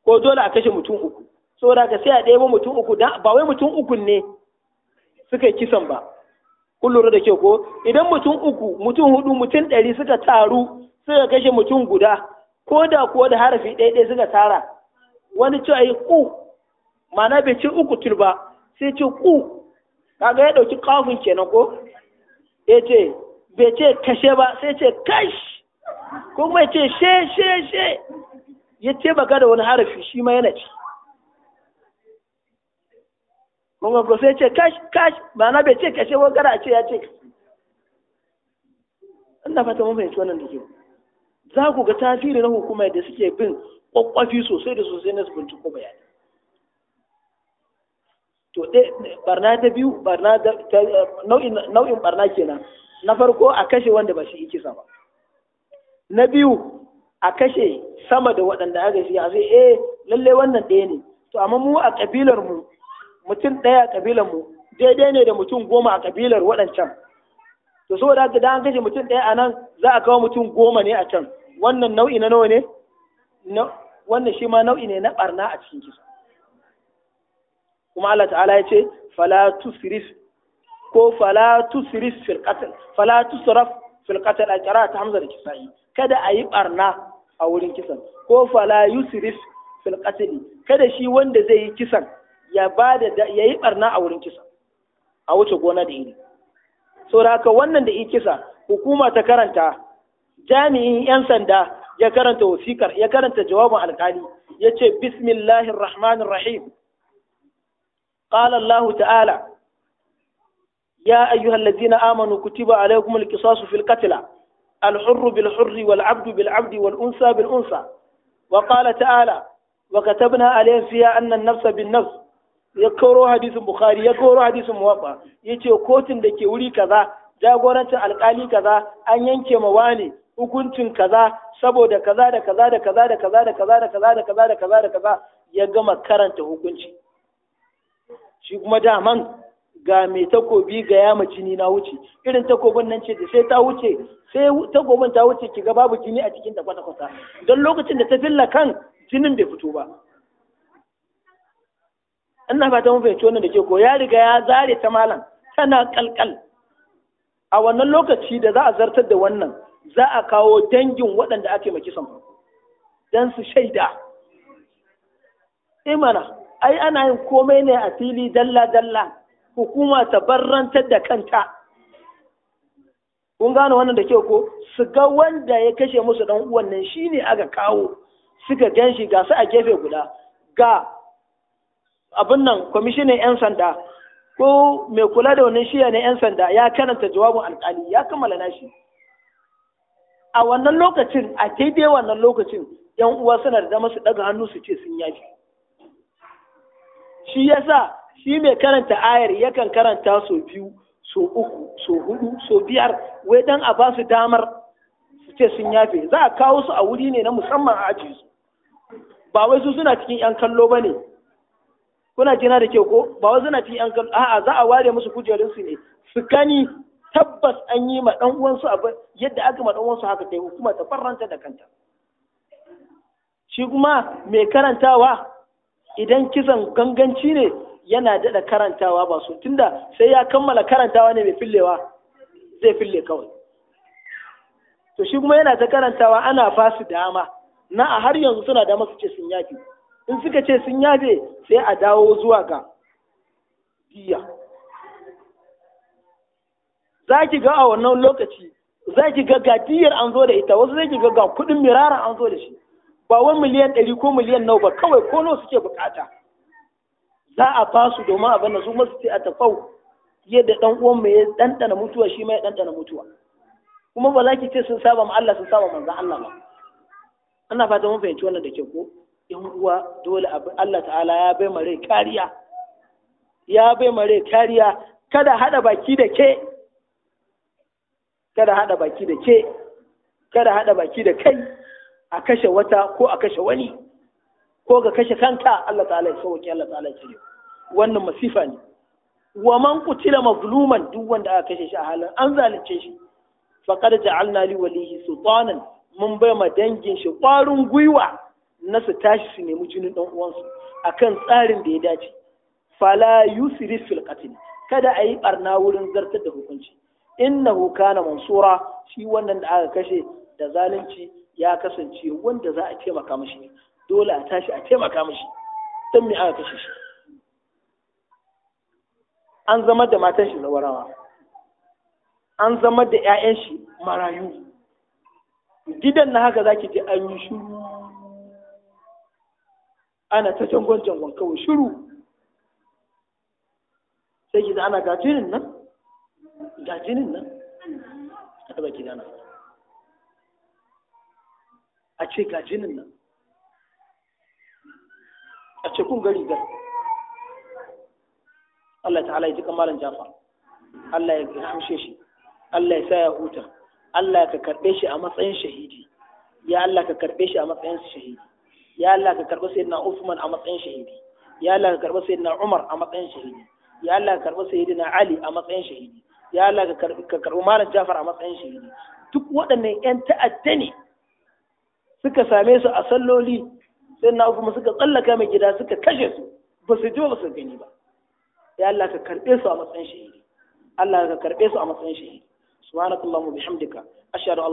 ko dole a kashe mutum uku saboda ka sai a ɗaya mutum uku ba wai mutum uku ne suka yi kisan ba kun da kyau ko idan mutum uku mutum hudu mutum ɗari suka taru suka kashe mutum guda ko da kuwa da harafi ɗaya suka tara wani ci a yi ku mana bai ci uku tul ba sai ci ku kaga ya ɗauki kafin kenan ko ya ce bai ce kashe ba sai ce kash kuma ya ce she she she ya ce baka da wani harafi shi ma yana ci mun ko sai ce kash kash ba na bai ce kashe ko gara ce ya ce ina fata mun fahimci wannan da za ku ga tasiri na hukuma da suke bin kwakwafi sosai da sosai na su ko bayani to dai barna ta biyu barna nau'in nau'in barna kenan na farko a kashe wanda ba shi yake sama na biyu a kashe sama da waɗanda aka shi a sai eh lalle wannan ɗaya ne to amma mu a kabilar mu mutum ɗaya a kabilar mu daidai ne da mutum goma a kabilar waɗancan to so haka da an kashe mutum ɗaya a nan za a kawo mutum goma ne a can wannan nau'i na nawa ne wannan shi ma nau'i ne na ɓarna a cikin kisa kuma Allah ta'ala ya ce fala tusrif ko fala tusrif fil qatl fala tusraf fil qatl a qira'at hamza da kisa'i kada a yi ɓarna a wurin kisan ko fala yusrif fil qatl kada shi wanda zai yi kisan ya ba da ya yi barna a wurin kisa a wuce gona da iri saboda haka wannan da yi kisa hukuma ta karanta jami'in 'yan sanda ya karanta wasikar ya karanta jawabin alkali ya ce bismillahir rahmanir rahim qala allah ta'ala ya ayyuhal ladzina amanu kutiba alaykumul qisasu fil qatl al hurr bil hurr wal 'abdu bil wal unsa bil unsa wa qala ta'ala wa katabna alayhim fiha anna an-nafsa bin nafs ya koro hadisin bukhari ya koro hadisin muwaffa ya ce kotun da ke wuri kaza jagorancin alkali kaza an yanke ma wani hukuncin kaza saboda kaza da kaza da kaza da kaza da kaza da kaza da kaza da kaza da kaza ya gama karanta hukunci shi kuma daman ga mai takobi ga yama jini na wuce irin takobin nan ce da sai ta wuce sai takobin ta wuce kiga babu jini a cikin ta kwata kwata don lokacin da ta filla kan jinin bai fito ba ina fata mun fahimci wannan da ke ko ya riga ya zare ta malam tana kalkal a wannan lokaci da za a zartar da wannan za a kawo dangin waɗanda ake maki son farko dan su shaida imana eh ai ana yin komai ne a fili dalla dalla hukuma ta barrantar da kanta kun gane wannan da ke ko su ga wanda ya kashe musu dan uwan nan shine aka kawo suka gan shi ga su a gefe guda ga abin nan kwamishinan 'yan sanda ko mai kula da wannan shiya na 'yan sanda ya karanta jawabin alkali ya kammala nashi a wannan lokacin a daidai wannan lokacin 'yan uwa suna da dama su daga hannu su ce sun yafi shi yasa shi mai karanta ayar yakan karanta so biyu so uku so hudu so biyar wai dan a ba su damar su ce sun yafe za a kawo su a wuri ne na musamman a ajiyar su ba wai su suna cikin 'yan kallo ba ne kuna jina da kyau ko ba wasu na fi an kan a'a za a ware musu kujerinsu ne su kani tabbas an yi ma dan uwansu abu yadda aka ma dan uwansu haka ta yi hukuma ta farranta da kanta shi kuma mai karantawa idan kisan ganganci ne yana daɗa karantawa ba su tunda sai ya kammala karantawa ne mai fillewa zai fille kawai to shi kuma yana ta karantawa ana ba su dama na a har yanzu suna da masu ce sun yafi in suka ce sun yaje sai a dawo zuwa ga diya za ki ga a wannan lokaci za ki ga ga diyar an zo da ita wasu zai ki ga ga kudin mirara an zo da shi ba wani miliyan ɗari ko miliyan nawa ba kawai ko nawa suke bukata za a ba su domin abin da su masu ce a tafau yadda ɗan uwan mai ya ɗanɗana mutuwa shi ma ɗanɗana mutuwa kuma ba za ki ce sun saba ma Allah sun saba manzan Allah ba ana fata mun fahimci wannan da ke ko in uwa dole Allah ta'ala ya bai mare kariya ya bai mare kariya kada hada baki da ke kada hada baki da ke kada hada baki da kai a kashe wata ko a kashe wani ko ga kashe kanka Allah ta'ala ya sauke Allah ta'ala ya cire wannan masifa ne wa man qutila mazluman duk wanda aka kashe shi a halin an zalunce shi faqad ja'alna li walihi sultanan mun bai ma dangin shi ƙwarin gwiwa na su tashi su nemi jinin ɗan uwansu kan tsarin da ya dace fala yusrif fil qatl kada ayi barna wurin zartar da hukunci innahu kana mansura shi wannan da aka kashe da zalunci ya kasance wanda za a taimaka mashi dole a tashi a taimaka mashi don me aka kashe shi an zama da matan shi zawarawa an zama da 'ya'yan shi marayu gidan na haka zaki ji an yi shiru. ana ta jangon jangon kawai shiru sai gida ana gajinin nan gajinin nan a taba gida nan a ce gajinin nan a ce kun gari gari Allah ta'ala ya ji kamalan jafa Allah ya haushe shi Allah ya sa ya huta Allah ka karɓe shi a matsayin shahidi ya Allah ka karɓe shi a matsayin shahidi ya Allah ka karɓi sayyidina Uthman a matsayin shahidi ya Allah ka karɓi sayyidina Umar a matsayin shahidi ya ka karɓi sayyidina Ali a matsayin shahidi ya Allah ka karɓi malam Jafar a matsayin shahidi duk waɗannan ƴan ta'adda ne suka same su a saloli. sai na kuma suka tsallaka mai gida suka kashe su ba su ji ba su gani ba ya ka karɓe su a matsayin shahidi Allah ka karɓe su a matsayin shahidi subhanakallahumma bihamdika ashhadu